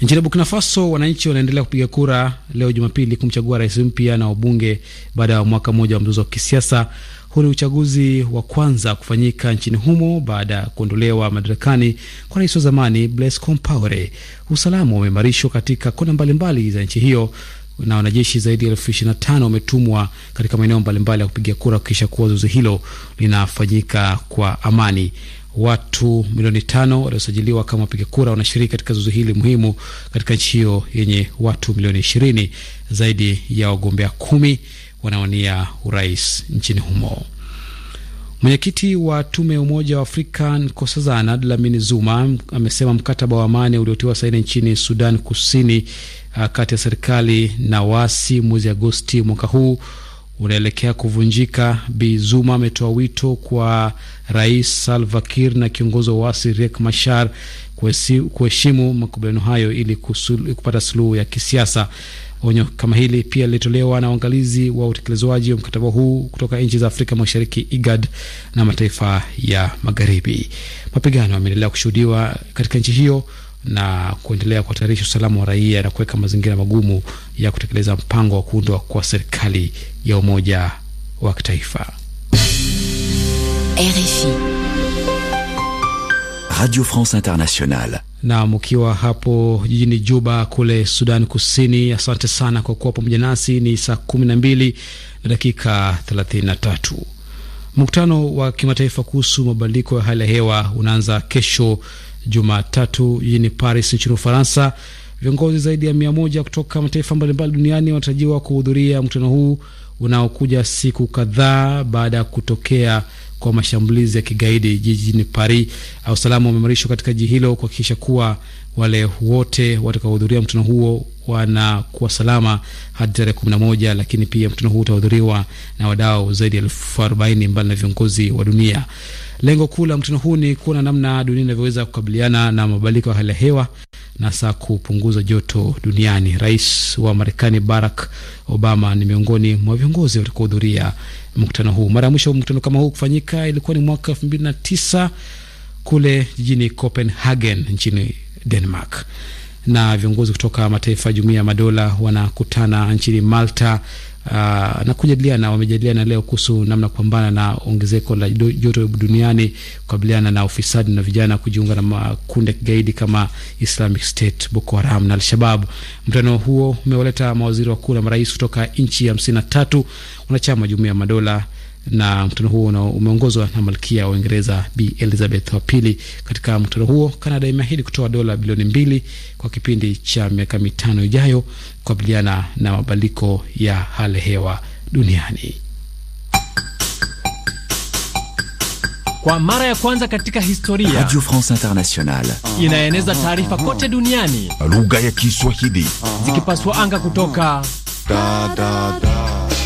A: Nchini Burkina Faso, wananchi wanaendelea kupiga kura leo Jumapili kumchagua rais mpya na wabunge baada ya mwaka mmoja wa mzozo wa kisiasa. Huu ni uchaguzi wa kwanza kufanyika nchini humo baada ya kuondolewa madarakani kwa rais wa zamani Blaise Compaore. Usalama umeimarishwa katika kona mbalimbali za nchi hiyo na wanajeshi zaidi ya elfu ishirini na tano wametumwa katika maeneo mbalimbali ya kupiga kura kuhakikisha kuwa zoezi hilo linafanyika kwa amani watu milioni tano waliosajiliwa kama wapiga kura wanashiriki katika zoezi hili muhimu katika nchi hiyo yenye watu milioni ishirini. Zaidi ya wagombea kumi wanaonia urais nchini humo. Mwenyekiti wa tume ya Umoja wa Afrika Nkosazana Dlamini Zuma amesema mkataba wa amani uliotiwa saini nchini Sudan Kusini uh, kati ya serikali na waasi mwezi Agosti mwaka huu unaelekea kuvunjika. Bi Zuma ametoa wito kwa Rais Salva Kiir na kiongozi wa uasi Riek Machar kuheshimu makubaliano hayo ili kusulu, kupata suluhu ya kisiasa. Onyo kama hili pia lilitolewa na uangalizi wa utekelezwaji wa mkataba huu kutoka nchi za Afrika Mashariki, IGAD, na mataifa ya Magharibi. Mapigano yameendelea kushuhudiwa katika nchi hiyo na kuendelea kuhatarisha usalama wa raia na kuweka mazingira magumu ya kutekeleza mpango wa kuundwa kwa serikali ya umoja wa kitaifa. RFI
C: Radio France Internationale.
A: Na ukiwa hapo jijini Juba kule Sudan Kusini, asante sana kwa kuwa pamoja nasi. Ni saa kumi na mbili na dakika thelathini na tatu Mkutano wa kimataifa kuhusu mabadiliko ya hali ya hewa unaanza kesho Jumatatu jijini Paris nchini Ufaransa. Viongozi zaidi ya mia moja kutoka mataifa mbalimbali duniani wanatarajiwa kuhudhuria mkutano huu unaokuja siku kadhaa baada ya kutokea kwa mashambulizi ya kigaidi jijini Paris. Usalama umeimarishwa katika jiji hilo kuhakikisha kuwa wale wote watakaohudhuria mkutano huo wanakuwa salama hadi tarehe 11, lakini pia mkutano huu utahudhuriwa na wadau zaidi ya elfu arobaini mbali na viongozi wa dunia. Lengo kuu la mkutano huu ni kuona namna dunia inavyoweza kukabiliana na mabadiliko ya hali ya hewa na saa kupunguza joto duniani. Rais wa Marekani Barack Obama ni miongoni mwa viongozi watakaohudhuria mkutano huu. Mara ya mwisho mkutano kama huu kufanyika ilikuwa ni mwaka elfu mbili na tisa kule jijini Copenhagen nchini Denmark. Na viongozi kutoka mataifa ya Jumuiya ya Madola wanakutana nchini Malta uh, na kujadiliana, wamejadiliana leo kuhusu namna kupambana na ongezeko la joto duniani, kukabiliana na ufisadi na vijana kujiunga na makundi ya kigaidi kama Islamic State, Boko Haram na Al-Shabab. Mkutano huo umewaleta mawaziri wakuu na marais kutoka nchi hamsini na tatu wanachama jumuiya ya Madola na mkutano huo umeongozwa na malkia wa Uingereza b Elizabeth wa pili. Katika mkutano huo, Kanada imeahidi kutoa dola bilioni mbili kwa kipindi cha miaka mitano ijayo kukabiliana na mabadiliko ya hali hewa duniani.
C: Kwa mara ya kwanza katika historia, Radio France Internationale inaeneza taarifa kote duniani lugha ya Kiswahili zikipaswa anga kutoka da, da, da.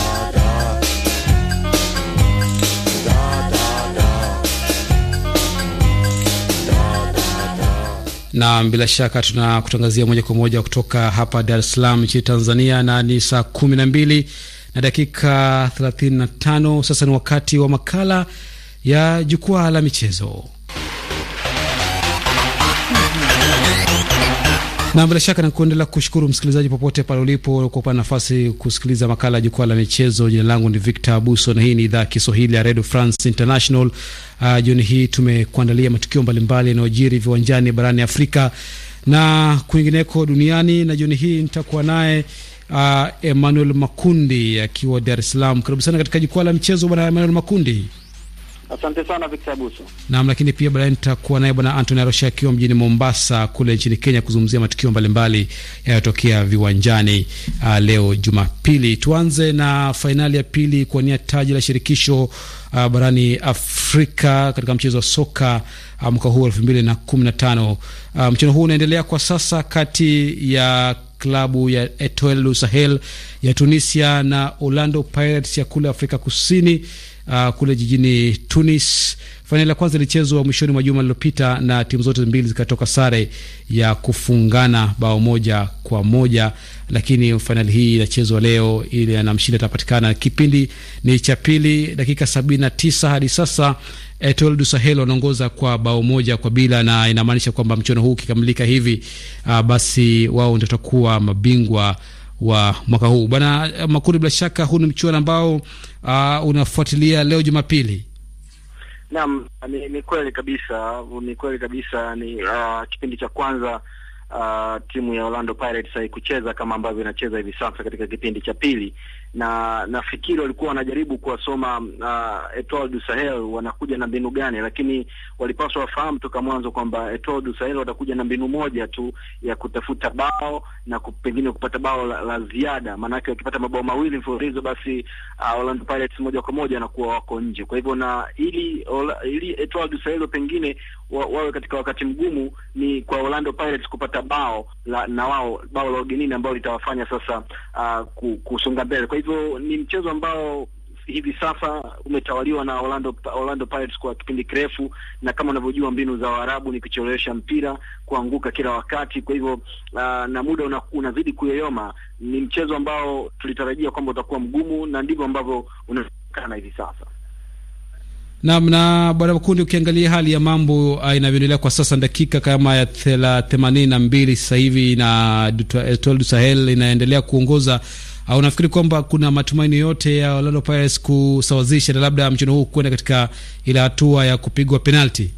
A: na bila shaka tunakutangazia moja kwa moja kutoka hapa Dar es Salaam nchini Tanzania, na ni saa kumi na mbili na dakika 35. Sasa ni wakati wa makala ya jukwaa la michezo. Na bila shaka nakuendelea kushukuru msikilizaji popote pale ulipo kwa kupata nafasi kusikiliza makala ya jukwaa la michezo. Jina langu ni Victor Abuso na hii ni idhaa ya Kiswahili ya Radio France International. Uh, jioni hii tumekuandalia matukio mbalimbali yanayojiri viwanjani barani Afrika na kwingineko duniani, na jioni hii nitakuwa naye uh, Emmanuel Makundi akiwa Dar es Salaam. Karibu sana katika jukwaa la michezo, bwana Emmanuel Makundi.
B: Asante sana Victor Abuso.
A: Naam, lakini pia baadaye nitakuwa naye bwana Antony Arosha akiwa mjini Mombasa kule nchini Kenya kuzungumzia matukio mbalimbali yanayotokea viwanjani uh, leo Jumapili. Tuanze na fainali ya pili kuwania taji la shirikisho uh, barani Afrika katika mchezo wa soka uh, mwaka huu elfu mbili na kumi na tano. Uh, mchezo huu unaendelea kwa sasa kati ya klabu ya Etoile du Sahel ya Tunisia na Orlando Pirates ya kule Afrika Kusini uh, kule jijini Tunis. Fainali ya kwanza ilichezwa mwishoni mwa juma lililopita na timu zote mbili zikatoka sare ya kufungana bao moja kwa moja, lakini fainali hii inachezwa leo ili anamshinda atapatikana. Kipindi ni cha pili, dakika sabini na tisa hadi sasa Etoile du Sahel wanaongoza kwa bao moja kwa bila, na inamaanisha kwamba mchuano huu ukikamilika hivi, uh, basi wao ndio watakuwa mabingwa wa mwaka huu. Bwana Makundi, bila shaka huu ni mchuano ambao uh, unafuatilia leo Jumapili.
B: Naam, ni, ni kweli kabisa, ni kweli kabisa. Ni uh, kipindi cha kwanza uh, timu ya Orlando Pirates haikucheza kama ambavyo inacheza hivi sasa katika kipindi cha pili, na nafikiri walikuwa wanajaribu kuwasoma uh, Etoile du Sahel wanakuja na mbinu gani, lakini walipaswa wafahamu toka mwanzo kwamba Etoile du Sahel watakuja na mbinu moja tu ya kutafuta bao na pengine kupata bao la, la ziada. Maanake wakipata mabao mawili mfululizo, basi uh, Orlando Pirates moja kwa moja wanakuwa wako nje. Kwa hivyo na ili ola, ili Etoile du Sahel pengine wa, wawe katika wakati mgumu ni kwa Orlando Pirates kupata bao la, na wao bao la ugenini ambao litawafanya sasa uh, kusonga mbele. kwa hivyo ni mchezo ambao hivi sasa umetawaliwa na Orlando, Orlando Pirates kwa kipindi kirefu, na kama unavyojua mbinu za Waarabu ni kuchelewesha mpira, kuanguka kila wakati. Kwa hivyo uh, na muda una, unazidi kuyoyoma. Ni mchezo ambao tulitarajia kwamba utakuwa mgumu, na ndivyo ambavyo unaonekana hivi sasa.
A: Naam, na Bwana Mkundi, ukiangalia hali ya mambo uh, inavyoendelea kwa sasa, dakika kama ya themanini na mbili sasa hivi na Etoile du Sahel inaendelea kuongoza unafikiri kwamba kuna matumaini yote ya Orlando Pirates kusawazisha na labda mchezo huu kwenda katika ile hatua ya kupigwa penalti?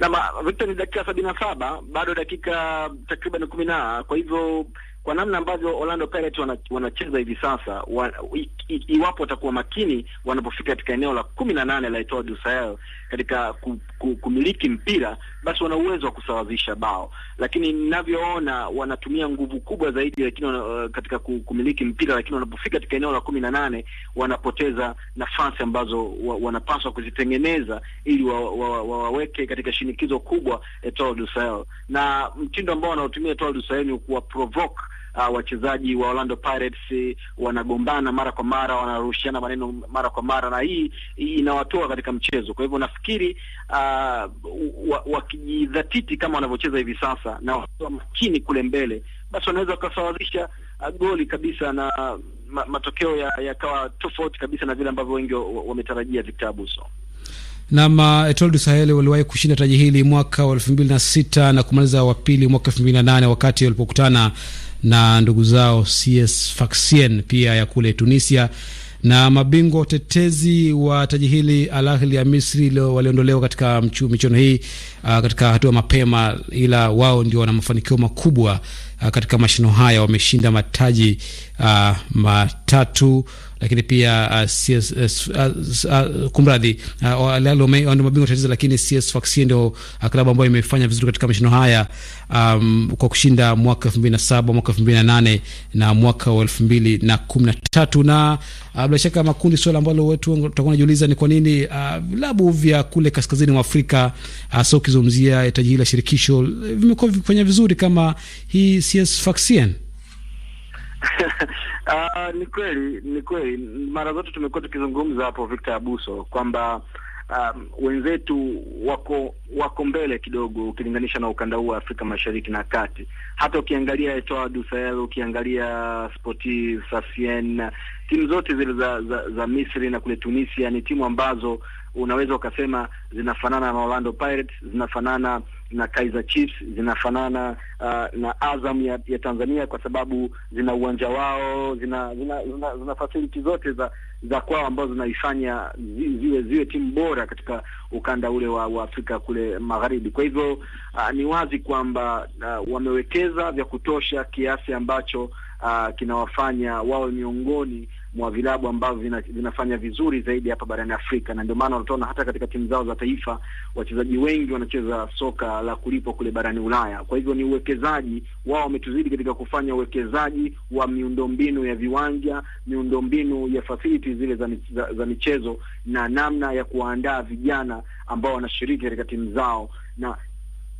B: Na Victor, ni dakika sabini na saba, bado dakika takriban kumi na. Kwa hivyo kwa namna ambavyo Orlando Pirates wanacheza hivi sasa wa, i, i, iwapo watakuwa makini wanapofika katika eneo la kumi na nane la Etoile du Sahel katika ku, ku, kumiliki mpira basi wana uwezo wa kusawazisha bao, lakini ninavyoona wanatumia nguvu kubwa zaidi lakini uh, katika kumiliki mpira, lakini wanapofika katika eneo la kumi na nane wanapoteza nafasi ambazo wa, wanapaswa kuzitengeneza ili wawaweke wa, wa, katika shinikizo kubwa Etoile eh, du Sahel, na mtindo ambao wanaotumia Etoile du Sahel ni kuwa provoke uh, wachezaji wa Orlando Pirates eh, wanagombana mara kwa mara, wanarushiana maneno mara kwa mara, na hii, inawatoa katika mchezo. Kwa hivyo nafikiri uh, wakijidhatiti wa kama wanavyocheza hivi sasa na wakiwa makini kule mbele, basi wanaweza wakasawazisha uh, goli kabisa na ma, matokeo yakawa ya tofauti kabisa na vile ambavyo wengi wametarajia. Victor Abuso
A: na Etoile du Sahel waliwahi kushinda taji hili mwaka wa elfu mbili na sita na kumaliza wa pili mwaka elfu mbili na nane wakati walipokutana na ndugu zao CS Faxien pia ya kule Tunisia na mabingwa utetezi wa taji hili Al Ahly ya Misri waliondolewa katika michuano hii uh, katika hatua mapema, ila wao ndio wana mafanikio makubwa Ah, katika mashindano haya wameshinda mataji uh, matatu, lakini pia uh, ah, CS, uh, kumradhi wale uh, ndio mabingwa tatizo, lakini CS Sfaxien ndio uh, klabu ambayo imefanya vizuri katika mashindano haya um, kwa kushinda mwaka 2007 mwaka 2008 na mwaka 2013 na uh, bila shaka makundi, swala ambalo wetu tutakuwa najiuliza ni kwa nini vilabu uh, vya kule kaskazini mwa Afrika hasa uh, ukizungumzia taji hili la shirikisho vimekuwa vikifanya vizuri kama hii Lucius Faxien?
B: Uh, (laughs) ah, ni kweli ni kweli, mara zote tumekuwa tukizungumza hapo, Victor Abuso, kwamba um, wenzetu wako wako mbele kidogo ukilinganisha na ukanda huu wa Afrika Mashariki na Kati. Hata ukiangalia Etoile du Sahel, ukiangalia Sportif Safien, timu zote zile za, za, za Misri na kule Tunisia ni timu ambazo unaweza ukasema zinafanana na Orlando Pirates, zinafanana na Kaizer Chiefs zinafanana uh, na Azam ya, ya Tanzania kwa sababu zina uwanja wao, zina zina, zina, zina facility zote za za kwao ambazo zinaifanya ziwe ziwe timu bora katika ukanda ule wa, wa Afrika kule magharibi. Kwa hivyo uh, ni wazi kwamba uh, wamewekeza vya kutosha kiasi ambacho uh, kinawafanya wawe miongoni mwa vilabu ambavyo vina, vinafanya vizuri zaidi hapa barani Afrika, na ndio maana utaona hata katika timu zao za taifa wachezaji wengi wanacheza soka la kulipwa kule barani Ulaya. Kwa hivyo ni uwekezaji wao, wametuzidi katika kufanya uwekezaji wa miundombinu ya viwanja, miundombinu ya facilities zile za, za, za michezo na namna ya kuwaandaa vijana ambao wanashiriki katika timu zao na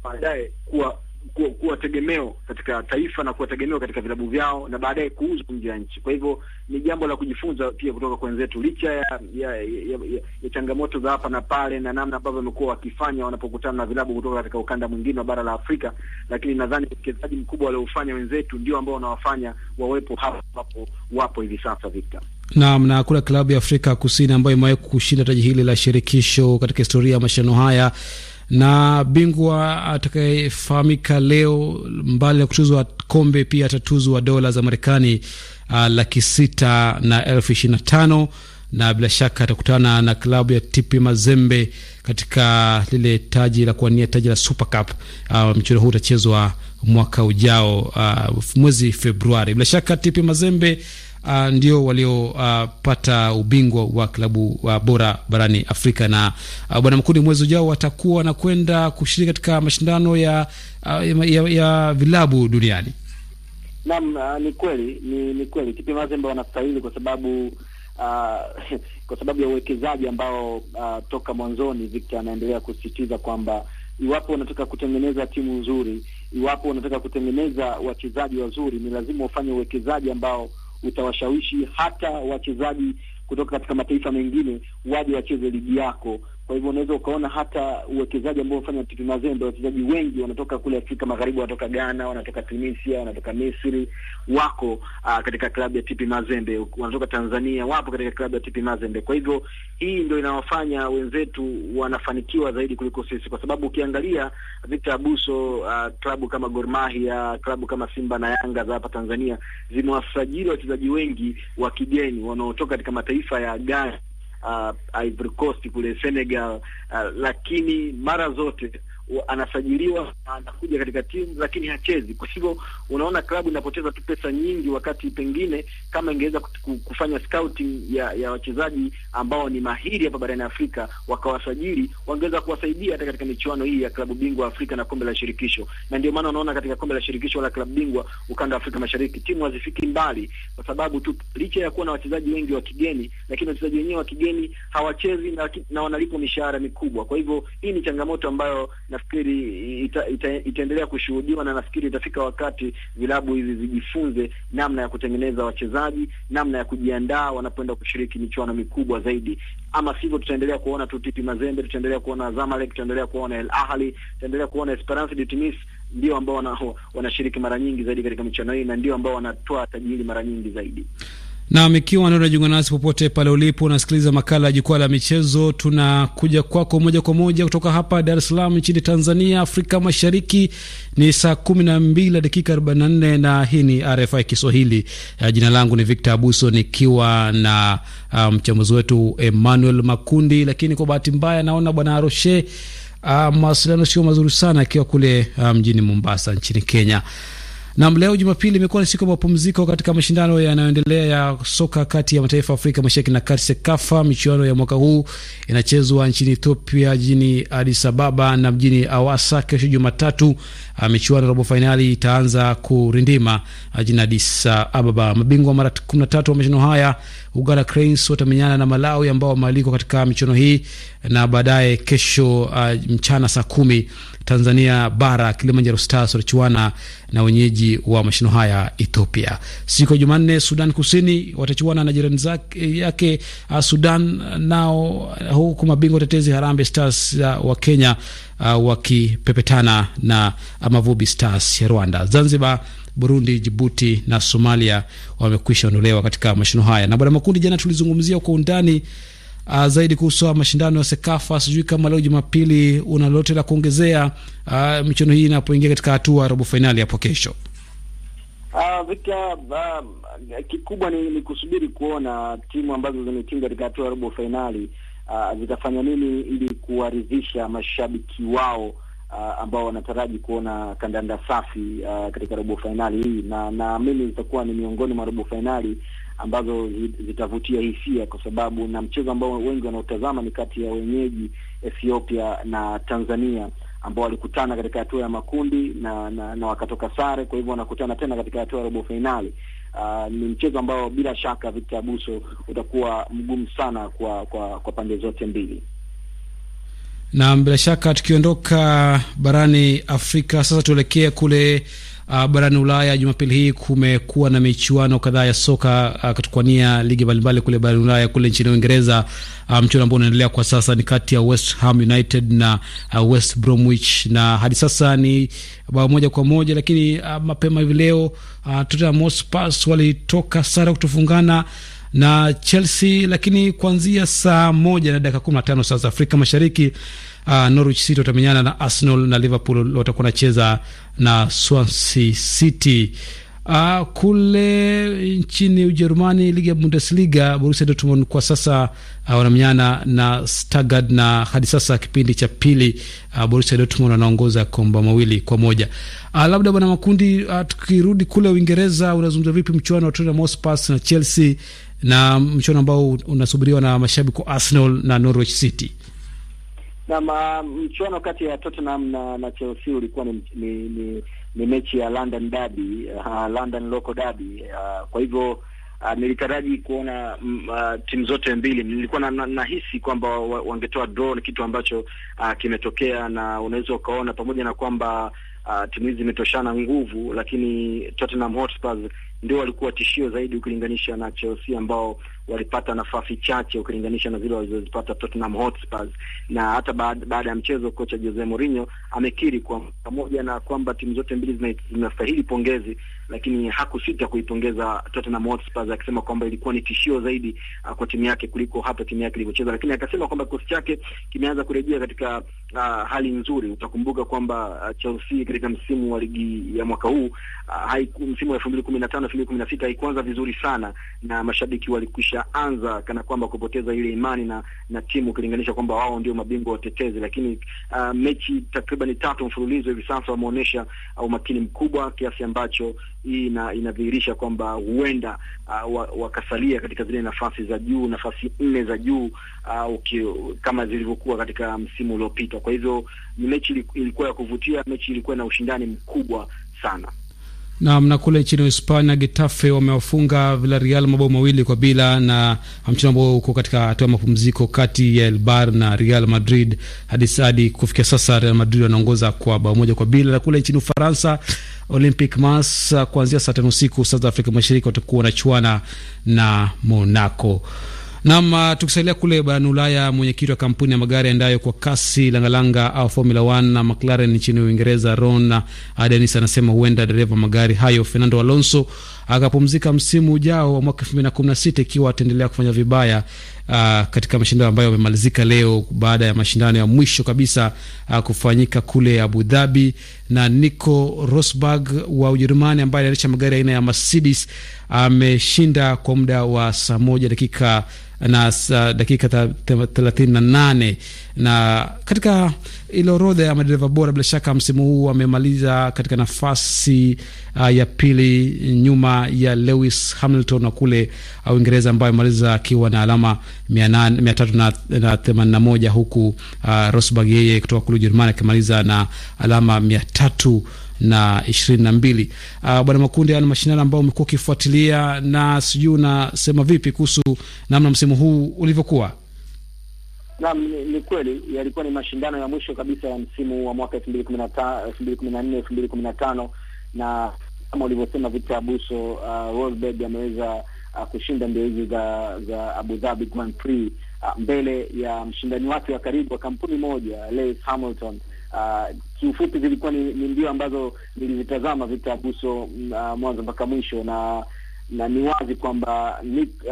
B: baadaye kuwa kuwa, kuwa tegemeo katika taifa na kuwa tegemeo katika vilabu vyao na baadaye kuuzwa nje ya nchi. Kwa hivyo ni jambo la kujifunza pia kutoka kwa wenzetu, licha ya ya, ya, ya, ya changamoto za hapa na pale na namna ambavyo wamekuwa wakifanya wanapokutana na vilabu kutoka katika ukanda mwingine wa bara la Afrika, lakini nadhani uwekezaji mkubwa waliofanya wenzetu ndio ambao wanawafanya wawepo hapa ambapo wapo hivi sasa, Victor.
A: Naam, na kuna klabu ya Afrika Kusini ambayo imewahi kushinda taji hili la shirikisho katika historia ya mashindano haya na bingwa atakayefahamika leo, mbali ya kutuzwa kombe, pia atatuzwa dola za Marekani uh, laki sita na elfu ishirini na tano na bila shaka atakutana na klabu ya TP Mazembe katika lile taji la kuwania taji la Super Cup. Uh, mchezo huu utachezwa mwaka ujao, uh, mwezi Februari. Bila shaka TP Mazembe uh, ndio waliopata ah, uh, ubingwa wa klabu uh, bora barani Afrika na uh, bwana Mkundi, mwezi ujao watakuwa wanakwenda kushiriki katika mashindano ya, uh, ya, ya vilabu duniani.
B: Naam, uh, ni kweli ni, ni kweli TP Mazembe wanastahili kwa sababu uh, (laughs) kwa sababu ya uwekezaji ambao uh, toka mwanzoni Victor anaendelea kusisitiza kwamba iwapo unataka kutengeneza timu nzuri, iwapo unataka kutengeneza wachezaji wazuri, ni lazima ufanye uwekezaji ambao utawashawishi hata wachezaji kutoka katika mataifa mengine waje wacheze ligi yako kwa hivyo unaweza ukaona hata uwekezaji ambao umefanya TP Mazembe, wachezaji wengi wanatoka kule Afrika Magharibi, wanatoka Ghana, wanatoka Tunisia, wanatoka Misri, wako uh, katika klabu ya TP Mazembe, wanatoka Tanzania, wapo katika klabu ya TP Mazembe. Kwa hivyo hii ndio inawafanya wenzetu wanafanikiwa zaidi kuliko sisi, kwa sababu ukiangalia Victor Abuso, uh, klabu kama Gor Mahia, klabu kama Simba na Yanga za hapa Tanzania zimewasajili wachezaji wengi wa kigeni wanaotoka katika mataifa ya Ghana uh, Ivory Coast kule Senegal uh, lakini mara zote anasajiliwa anakuja katika timu lakini hachezi. Kwa hivyo unaona klabu inapoteza tu pesa nyingi, wakati pengine kama ingeweza kufanya scouting ya, ya wachezaji ambao ni mahiri hapa barani Afrika wakawasajili, wangeweza kuwasaidia hata katika michuano hii ya klabu bingwa Afrika na kombe la shirikisho. Na ndio maana unaona katika kombe la shirikisho la klabu bingwa ukanda wa Afrika Mashariki timu hazifiki mbali, kwa sababu tu licha ya kuwa na wachezaji wengi wa kigeni, lakini wachezaji wenyewe wa kigeni hawachezi na, na wanalipwa mishahara mikubwa. Kwa hivyo hii ni changamoto ambayo na nafikiri ita, ita, itaendelea kushuhudiwa na nafikiri itafika wakati vilabu hivi vijifunze namna ya kutengeneza wachezaji, namna ya kujiandaa wanapoenda kushiriki michuano mikubwa zaidi. Ama sivyo tutaendelea kuona tu TP Mazembe, tutaendelea kuona Zamalek, tutaendelea kuona El Ahli, tutaendelea kuona Esperance de Tunis ndio ambao wanashiriki wana mara nyingi zaidi katika michuano hii na ndio ambao wanatoa tajiri mara nyingi zaidi
A: mikiwa ikiwa unajiunga nasi popote pale ulipo, unasikiliza makala ya jukwaa la michezo. Tunakuja kwako moja kwa moja kutoka hapa Dar es Salaam nchini Tanzania, Afrika Mashariki. Ni saa kumi na mbili na dakika 44 na hii ni RFI Kiswahili. Eh, jina langu ni Victor Abuso nikiwa na um, mchambuzi um, wetu Emmanuel Makundi, lakini kwa bahati mbaya naona bwana Roshe uh, ah, mawasiliano sio mazuri sana akiwa kule ah, mjini um, Mombasa nchini Kenya. Nam, leo Jumapili imekuwa ni siku ya mapumziko katika mashindano yanayoendelea ya soka kati ya mataifa Afrika Mashariki na Kati, SEKAFA. Michuano ya mwaka huu inachezwa nchini Ethiopia, jijini Addis Ababa na mjini Awasa. Kesho Jumatatu uh, michuano ya robo fainali itaanza kurindima uh, jijini Addis Ababa. Mabingwa mara 13 wa mashindano haya Uganda Cranes watamenyana na Malawi ambao wamealikwa katika michuano hii, na baadaye kesho uh, mchana saa kumi Tanzania bara Kilimanjaro Stars watachuana na wenyeji wa mashindano haya Ethiopia. Siku ya Jumanne, Sudan Kusini watachuana na jirani yake uh, Sudan, uh, nao uh, huku mabingwa tetezi Harambee Stars wa Kenya wakipepetana na Amavubi Stars ya Rwanda. Zanzibar, Burundi, Jibuti na Somalia wamekwisha ondolewa katika mashindano haya. Na bwana Makundi, jana tulizungumzia kwa undani uh, zaidi kuhusu mashindano ya Sekafa. Sijui kama leo Jumapili una lolote la kuongezea uh, michuano hii inapoingia katika hatua robo fainali hapo kesho?
B: Uh, Victor, uh, kikubwa ni, ni kusubiri kuona timu ambazo zimetinga katika hatua ya robo fainali uh, zitafanya nini ili kuwaridhisha mashabiki wao uh, ambao wanataraji kuona kandanda safi uh, katika robo fainali hii, na naamini itakuwa ni miongoni mwa robo fainali ambazo zitavutia hisia, kwa sababu na mchezo ambao wengi wanaotazama ni kati ya wenyeji Ethiopia na Tanzania ambao walikutana katika hatua ya makundi na, na, na wakatoka sare, kwa hivyo wanakutana tena katika hatua ya robo fainali. Uh, ah, ni mchezo ambao bila shaka Victor Abuso utakuwa mgumu sana kwa kwa, kwa pande zote mbili.
A: Na bila shaka tukiondoka barani Afrika sasa tuelekee kule Uh, barani Ulaya Jumapili hii kumekuwa na michuano kadhaa ya soka uh, kutukwania ligi mbalimbali kule barani Ulaya. Kule nchini Uingereza uh, mchuano um, ambao unaendelea kwa sasa ni kati ya West Ham United na uh, West Bromwich, na hadi sasa ni bao moja kwa moja, lakini uh, mapema hivi leo uh, Tottenham Hotspur walitoka sare kutofungana na Chelsea, lakini kuanzia saa moja na dakika 15 saa za Afrika Mashariki Uh, Norwich City watamenyana na Arsenal na Liverpool watakuwa wanacheza na Swansea City. Uh, kule nchini Ujerumani, ligi ya Bundesliga, Borussia Dortmund kwa sasa uh, wanamenyana na Stuttgart na hadi sasa kipindi cha pili uh, Borussia Dortmund wanaongoza kwa mabao mawili kwa moja. Uh, labda bwana Makundi, uh, tukirudi kule Uingereza, unazungumza vipi mchuano wa Tottenham Hotspur na Chelsea na mchuano ambao unasubiriwa na mashabiki wa Arsenal na Norwich City?
B: na mchuano kati ya Tottenham na, na Chelsea ulikuwa ni, ni, ni, ni mechi ya London derby, uh, London local derby uh, kwa hivyo Uh, nilitaraji kuona uh, timu zote mbili. Nilikuwa na, na, nahisi kwamba wangetoa draw, ni kitu ambacho uh, kimetokea, na unaweza ukaona pamoja na kwamba uh, timu hizi zimetoshana nguvu, lakini Tottenham Hotspur ndio walikuwa tishio zaidi ukilinganisha na Chelsea ambao walipata nafasi chache ukilinganisha na zile walizozipata Tottenham Hotspur. Na hata baada, baada ya mchezo kocha Jose Mourinho amekiri kwa pamoja na kwamba timu zote mbili zinastahili pongezi, lakini hakusita kuipongeza Tottenham Hotspur akisema kwamba ilikuwa ni tishio zaidi uh, kwa timu yake kuliko hata timu yake ilivyocheza, lakini akasema kwamba kikosi chake kimeanza kurejea katika uh, hali nzuri. Utakumbuka kwamba uh, Chelsea katika msimu wa ligi ya mwaka huu uh, haiku, msimu wa 2015 2016 haikuanza vizuri sana, na mashabiki walikwisha anza kana kwamba kupoteza ile imani na na timu ukilinganisha kwamba wao ndio mabingwa watetezi, lakini uh, mechi takriban tatu mfululizo hivi sasa wameonyesha uh, umakini mkubwa kiasi ambacho hii ina, inadhihirisha kwamba huenda uh, wakasalia katika zile nafasi za juu, nafasi nne za juu uh, uki, kama zilivyokuwa katika msimu uliopita. Kwa hivyo ni mechi ilikuwa ya kuvutia, mechi ilikuwa na ushindani mkubwa sana.
A: Naam, na kule nchini Hispania Getafe wamewafunga Villarreal mabao mawili kwa bila, na mchezo ambao uko katika hatua ya mapumziko kati ya El Bar na Real Madrid. Hadi hadi kufikia sasa Real Madrid wanaongoza kwa bao moja kwa bila. Na kule nchini Ufaransa Olympic Mas kuanzia saa tano usiku saa za Afrika Mashariki watakuwa wanachuana na Monaco. Nam, uh, tukisalia kule barani Ulaya, mwenyekiti wa kampuni ya magari yaendayo kwa kasi langalanga au Formula 1 na McLaren nchini Uingereza, Ron Dennis anasema huenda dereva magari hayo Fernando Alonso akapumzika msimu ujao wa mwaka 2016 ikiwa ataendelea kufanya vibaya uh, katika mashindano ambayo yamemalizika leo baada ya mashindano ya mwisho kabisa uh, kufanyika kule Abu Dhabi, na Nico Rosberg wa Ujerumani ambaye anaendesha magari aina ya Mercedes ameshinda uh, kwa muda wa saa moja dakika na dakika 38 na katika ile orodha ya madereva bora bila shaka msimu huu amemaliza katika nafasi uh, ya pili nyuma ya Lewis Hamilton na kule ah, Uingereza, ambayo amemaliza akiwa na alama 381 huku uh, Rosberg yeye kutoka kule Ujerumani akimaliza na alama 300 na ishirini na mbili. Uh, Bwana Makundi, ana mashindano ambayo umekuwa ukifuatilia na sijui unasema vipi kuhusu namna msimu huu ulivyokuwa?
B: Naam, ni kweli yalikuwa ni mashindano ya mwisho kabisa ya msimu wa mwaka elfu mbili kumi na tano elfu mbili kumi na nne elfu mbili kumi na tano na kama ulivyosema Victor Abuso, uh, ah, Rosberg ameweza uh, ah, kushinda mbio hizi za za Abu Dhabi Grand Prix uh, mbele ya mshindani wake wa karibu wa kampuni moja Lewis Hamilton uh, ah, kiufupi zilikuwa ni, ni mbio ambazo nilizitazama Victor Abuso uh, mwanzo mpaka mwisho na na ni wazi kwamba Nick,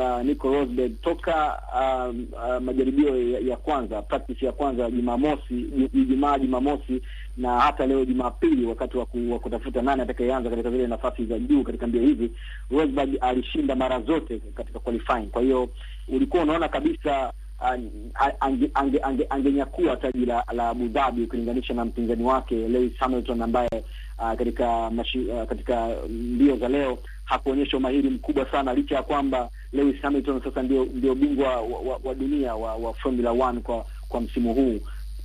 B: uh, Rosberg toka uh, uh, majaribio ya, ya kwanza practice ya kwanza Jumamosi, Ijumaa, Jumamosi na hata leo Jumapili, wakati wa kutafuta nani atakayeanza katika zile nafasi za juu katika mbio hizi, Rosberg alishinda mara zote katika qualifying. Kwa hiyo ulikuwa unaona kabisa angenyakua taji la Abu Dhabi ukilinganisha na mpinzani wake Lewis Hamilton ambaye uh, katika uh, katika mbio za leo hakuonyesha umahiri mkubwa sana, licha ya kwamba Lewis Hamilton sasa ndio ndio bingwa wa dunia wa Formula One kwa kwa msimu huu.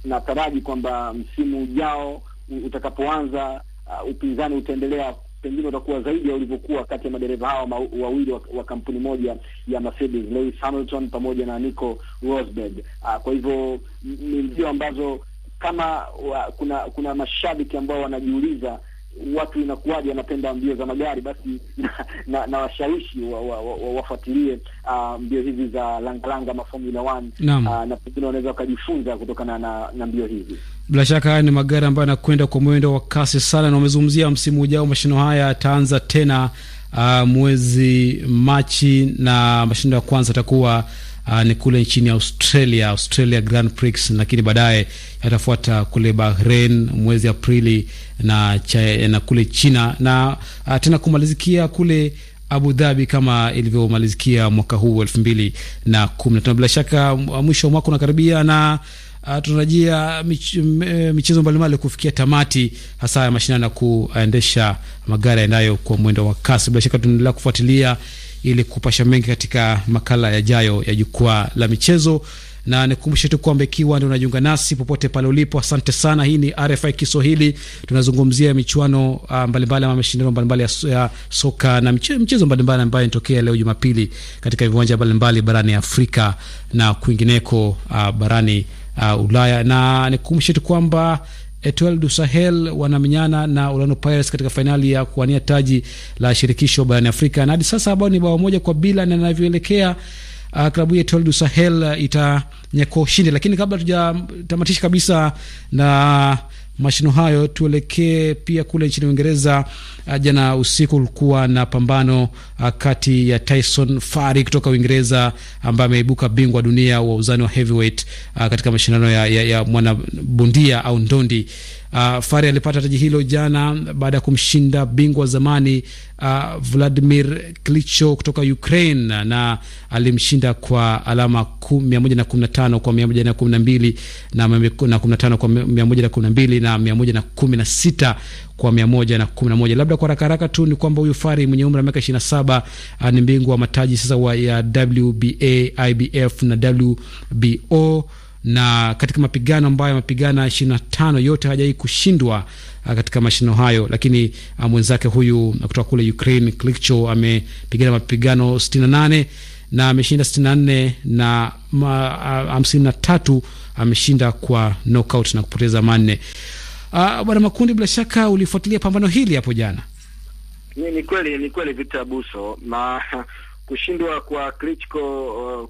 B: Nataraji kwamba msimu ujao utakapoanza, uh, upinzani utaendelea pengine utakuwa zaidi ya ulivyokuwa kati ya madereva hawa wawili wa, wa kampuni moja ya Mercedes, Lewis Hamilton pamoja na Nico Rosberg. Ah, kwa hivyo ni mbio ambazo kama wa, kuna kuna mashabiki ambao wanajiuliza watu inakuwaje wanapenda mbio za magari, basi (laughs) na, na, na washawishi wafuatilie wa, wa, wa uh, mbio hizi za langalanga ama Formula 1 uh, ah, na pengine wanaweza wakajifunza kutokana na, na mbio hizi.
A: Bila shaka haya ni magari ambayo yanakwenda kwa mwendo wa kasi sana, na wamezungumzia msimu ujao mashindano haya yataanza tena uh, mwezi Machi, na mashindano ya kwanza yatakuwa uh, ni kule nchini Australia, Australia Grand Prix, lakini baadaye yatafuata kule Bahrain mwezi Aprili na, cha, na kule China na uh, tena kumalizikia kule Abu Dhabi kama ilivyomalizikia mwaka huu elfu mbili na kumi na tano. Bila shaka uh, mwisho wa mwaka unakaribia na uh, tunatarajia mich, michezo mbalimbali kufikia tamati hasa ya mashindano ya kuendesha magari yanayo kwa mwendo wa kasi. Bila shaka tunaendelea kufuatilia ili kupasha mengi katika makala yajayo ya jukwaa la michezo, na nikukumbushe tu kwamba ikiwa ndio unajiunga nasi popote pale ulipo, asante sana. Hii ni RFI Kiswahili, tunazungumzia michuano ah, mbalimbali ama mashindano mbalimbali ya soka na michezo mbalimbali ambayo inatokea leo Jumapili katika viwanja mbalimbali barani Afrika na kwingineko ah, barani uh, Ulaya. Na nikukumbushe tu kwamba Etoile du Sahel wanamenyana na Orlando Pirates katika fainali ya kuwania taji la shirikisho barani Afrika, na hadi sasa ambao ni bao moja kwa bila, na inavyoelekea uh, klabu ya Etoile du Sahel uh, itanyakua ushindi. Lakini kabla tujatamatisha kabisa na mashino hayo. Tuelekee pia kule nchini Uingereza. Ah, jana usiku ulikuwa na pambano ah, kati ya Tyson Fury kutoka Uingereza ambaye ameibuka bingwa dunia wa uzani wa heavyweight ah, katika mashindano ya, ya, ya mwanabondia au ndondi Uh, Fari alipata taji hilo jana baada ya kumshinda bingwa wa zamani uh, Vladimir Klitschko kutoka Ukraine na alimshinda kwa alama 115 kwa 112 na 15 kwa 112 na 116 kwa 111. Labda kwa haraka haraka tu ni kwamba huyu Fari mwenye umri wa miaka 27 uh, ni bingwa wa mataji sasa wa ya WBA, IBF na WBO na katika mapigano ambayo mapigana 25 yote hajai kushindwa uh, katika mashindano hayo, lakini uh, mwenzake huyu uh, kutoka kule Ukraine Klitschko amepigana mapigano 68 na ameshinda 64 na hamsini na tatu ameshinda kwa knockout na kupoteza manne. Bwana Makundi, bila shaka ulifuatilia pambano hili hapo jana.
B: Ni, ni kweli ni kweli Victor na kushindwa kwa Klitschko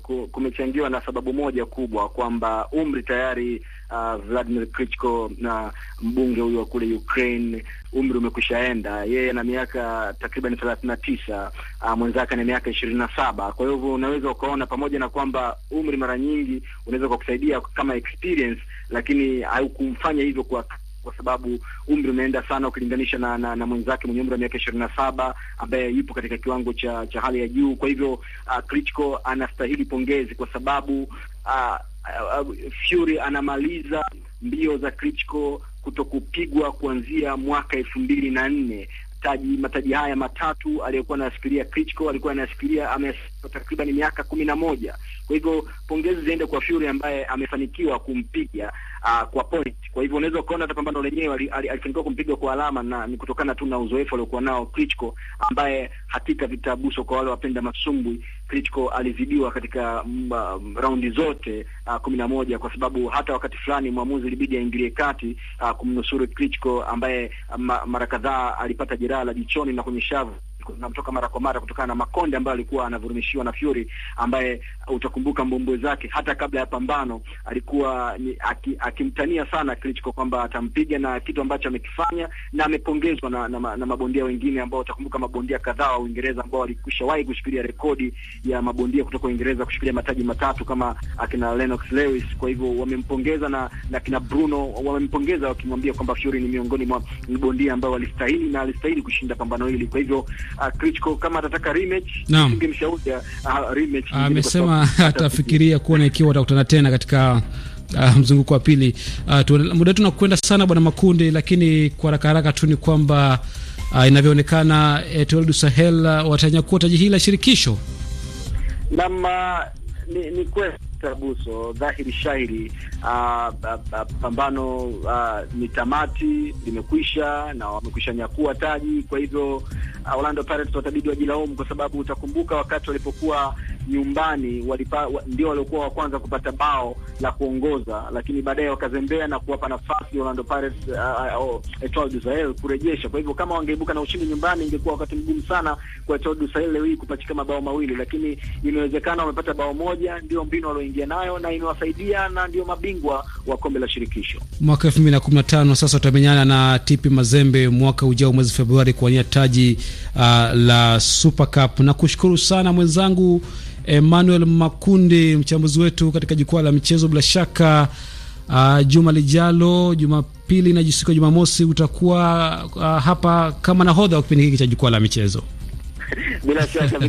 B: uh, kumechangiwa na sababu moja kubwa kwamba umri tayari uh, Vladimir Klitschko na mbunge huyo wa kule Ukraine umri umekushaenda. yeye ana miaka takriban thelathini na tisa uh, mwenzake ana miaka ishirini na saba. Kwa hivyo unaweza ukaona pamoja na kwamba umri mara nyingi unaweza ukakusaidia kama experience, lakini haukumfanya hivyo kwa kwa sababu umri umeenda sana ukilinganisha na, na, na mwenzake mwenye umri wa miaka ishirini na saba ambaye yupo katika kiwango cha, cha hali ya juu. Kwa hivyo uh, Klitschko anastahili pongezi kwa sababu uh, uh, uh Fury anamaliza mbio za Klitschko kutokupigwa kuanzia mwaka elfu mbili na nne taji mataji haya matatu aliyokuwa anayashikilia Klitschko, alikuwa anayashikilia ameshikilia takriban miaka kumi na moja. Kwa hivyo pongezi ziende kwa Fury ambaye amefanikiwa kumpiga uh, kwa point. Kwa hivyo unaweza ukaona hata pambano lenyewe alifanikiwa kumpiga kwa alama, na ni kutokana tu na uzoefu aliokuwa nao Klitschko, ambaye hakika vitabuso kwa wale wapenda masumbwi Klitschko alizidiwa katika mm, um, raundi zote uh, kumi na moja kwa sababu hata wakati fulani mwamuzi ilibidi aingilie kati uh, kumnusuru Klitschko ambaye uh, ma, mara kadhaa alipata jeraha la jichoni na kwenye shavu kutoka mara kwa mara kutokana na makonde ambayo alikuwa anavurumishiwa na Fury, ambaye utakumbuka mbombo zake hata kabla ya pambano alikuwa akimtania aki sana Klitschko kwamba atampiga na kitu ambacho amekifanya, na amepongezwa na, na, na mabondia wengine ambao utakumbuka mabondia kadhaa wa Uingereza ambao walikushawahi kushikilia rekodi ya mabondia kutoka Uingereza kushikilia mataji matatu kama akina Lennox Lewis. Kwa hivyo wamempongeza na, na kina Bruno wamempongeza wakimwambia kwamba Fury ni miongoni mwa mabondia ambao walistahili na alistahili kushinda pambano hili. Kwa hivyo uh, Klitschko kama atataka rematch, ningemshauri uh, uh rematch. Amesema (laughs)
A: atafikiria kuona ikiwa watakutana tena katika Uh, mzunguko wa pili uh, muda wetu nakwenda sana bwana Makundi, lakini kwa haraka haraka tu ni kwamba uh, inavyoonekana Etoile eh, du Sahel uh, watanyakua taji hili la shirikisho.
B: Naam, uh, ni, ni kweli Victor Buso, dhahiri shahiri, uh, uh, pambano uh, ni tamati limekwisha na wamekwisha nyakua taji. Kwa hivyo uh, Orlando Pirates watabidi wajilaumu, kwa sababu utakumbuka wakati walipokuwa nyumbani walipa, wa, ndio waliokuwa wa kwanza kupata bao la kuongoza, lakini baadaye wakazembea na kuwapa nafasi Orlando Pirates uh, uh oh, Etoile du Sahel kurejesha. Kwa hivyo kama wangeibuka na ushindi nyumbani, ingekuwa wakati mgumu sana kwa Etoile du Sahel leo hii kupachika mabao mawili, lakini imewezekana. Wamepata bao moja, ndio mbinu walioingia nayo na imewasaidia, na ndio mabingwa wa kombe la shirikisho
A: mwaka 2015. Sasa watamenyana na TP Mazembe mwaka ujao mwezi Februari kuwania taji uh, la Super Cup. Nakushukuru sana mwenzangu Emmanuel Makundi, mchambuzi wetu katika jukwaa la michezo. Bila shaka uh, juma lijalo Jumapili na siku ya Jumamosi utakuwa uh, hapa kama nahodha wa kipindi hiki cha jukwaa la michezo.
B: (laughs) Bila shaka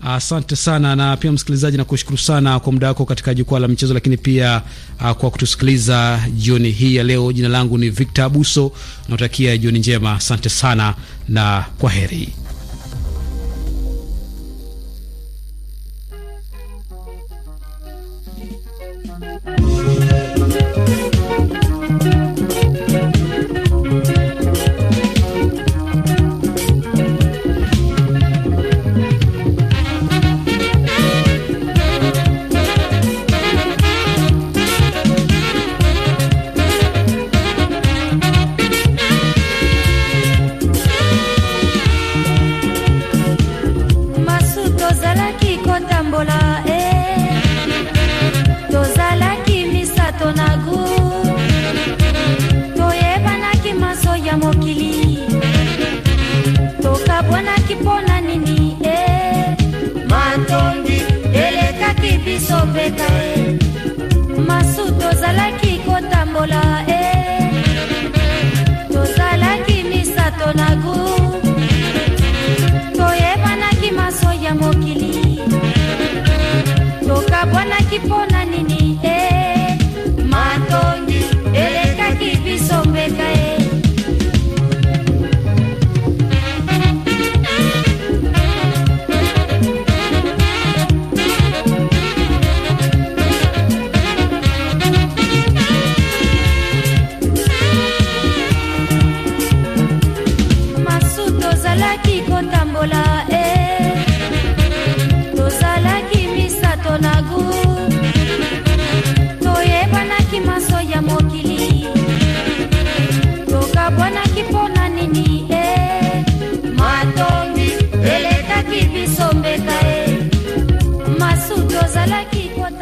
A: Asante sana, na pia msikilizaji, nakushukuru sana kwa muda wako katika jukwaa la michezo, lakini pia uh, kwa kutusikiliza jioni hii ya leo. Jina langu ni Victor Abuso, natakia jioni njema. Asante sana na kwa heri.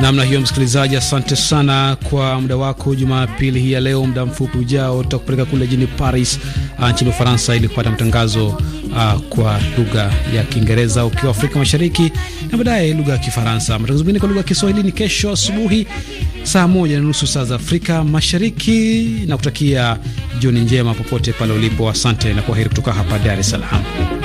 A: namna hiyo. Msikilizaji, asante sana kwa muda wako jumapili hii ya leo. Muda mfupi ujao tutakupeleka kule jijini Paris ah, nchini Ufaransa ili kupata matangazo uh, kwa lugha ya Kiingereza ukiwa Afrika Mashariki na baadaye lugha ya Kifaransa. Matangazo mengine kwa lugha ya Kiswahili ni kesho asubuhi saa moja na nusu saa za Afrika Mashariki, na kutakia jioni njema popote pale ulipo. Asante na kwaheri kutoka hapa Dar es Salaam.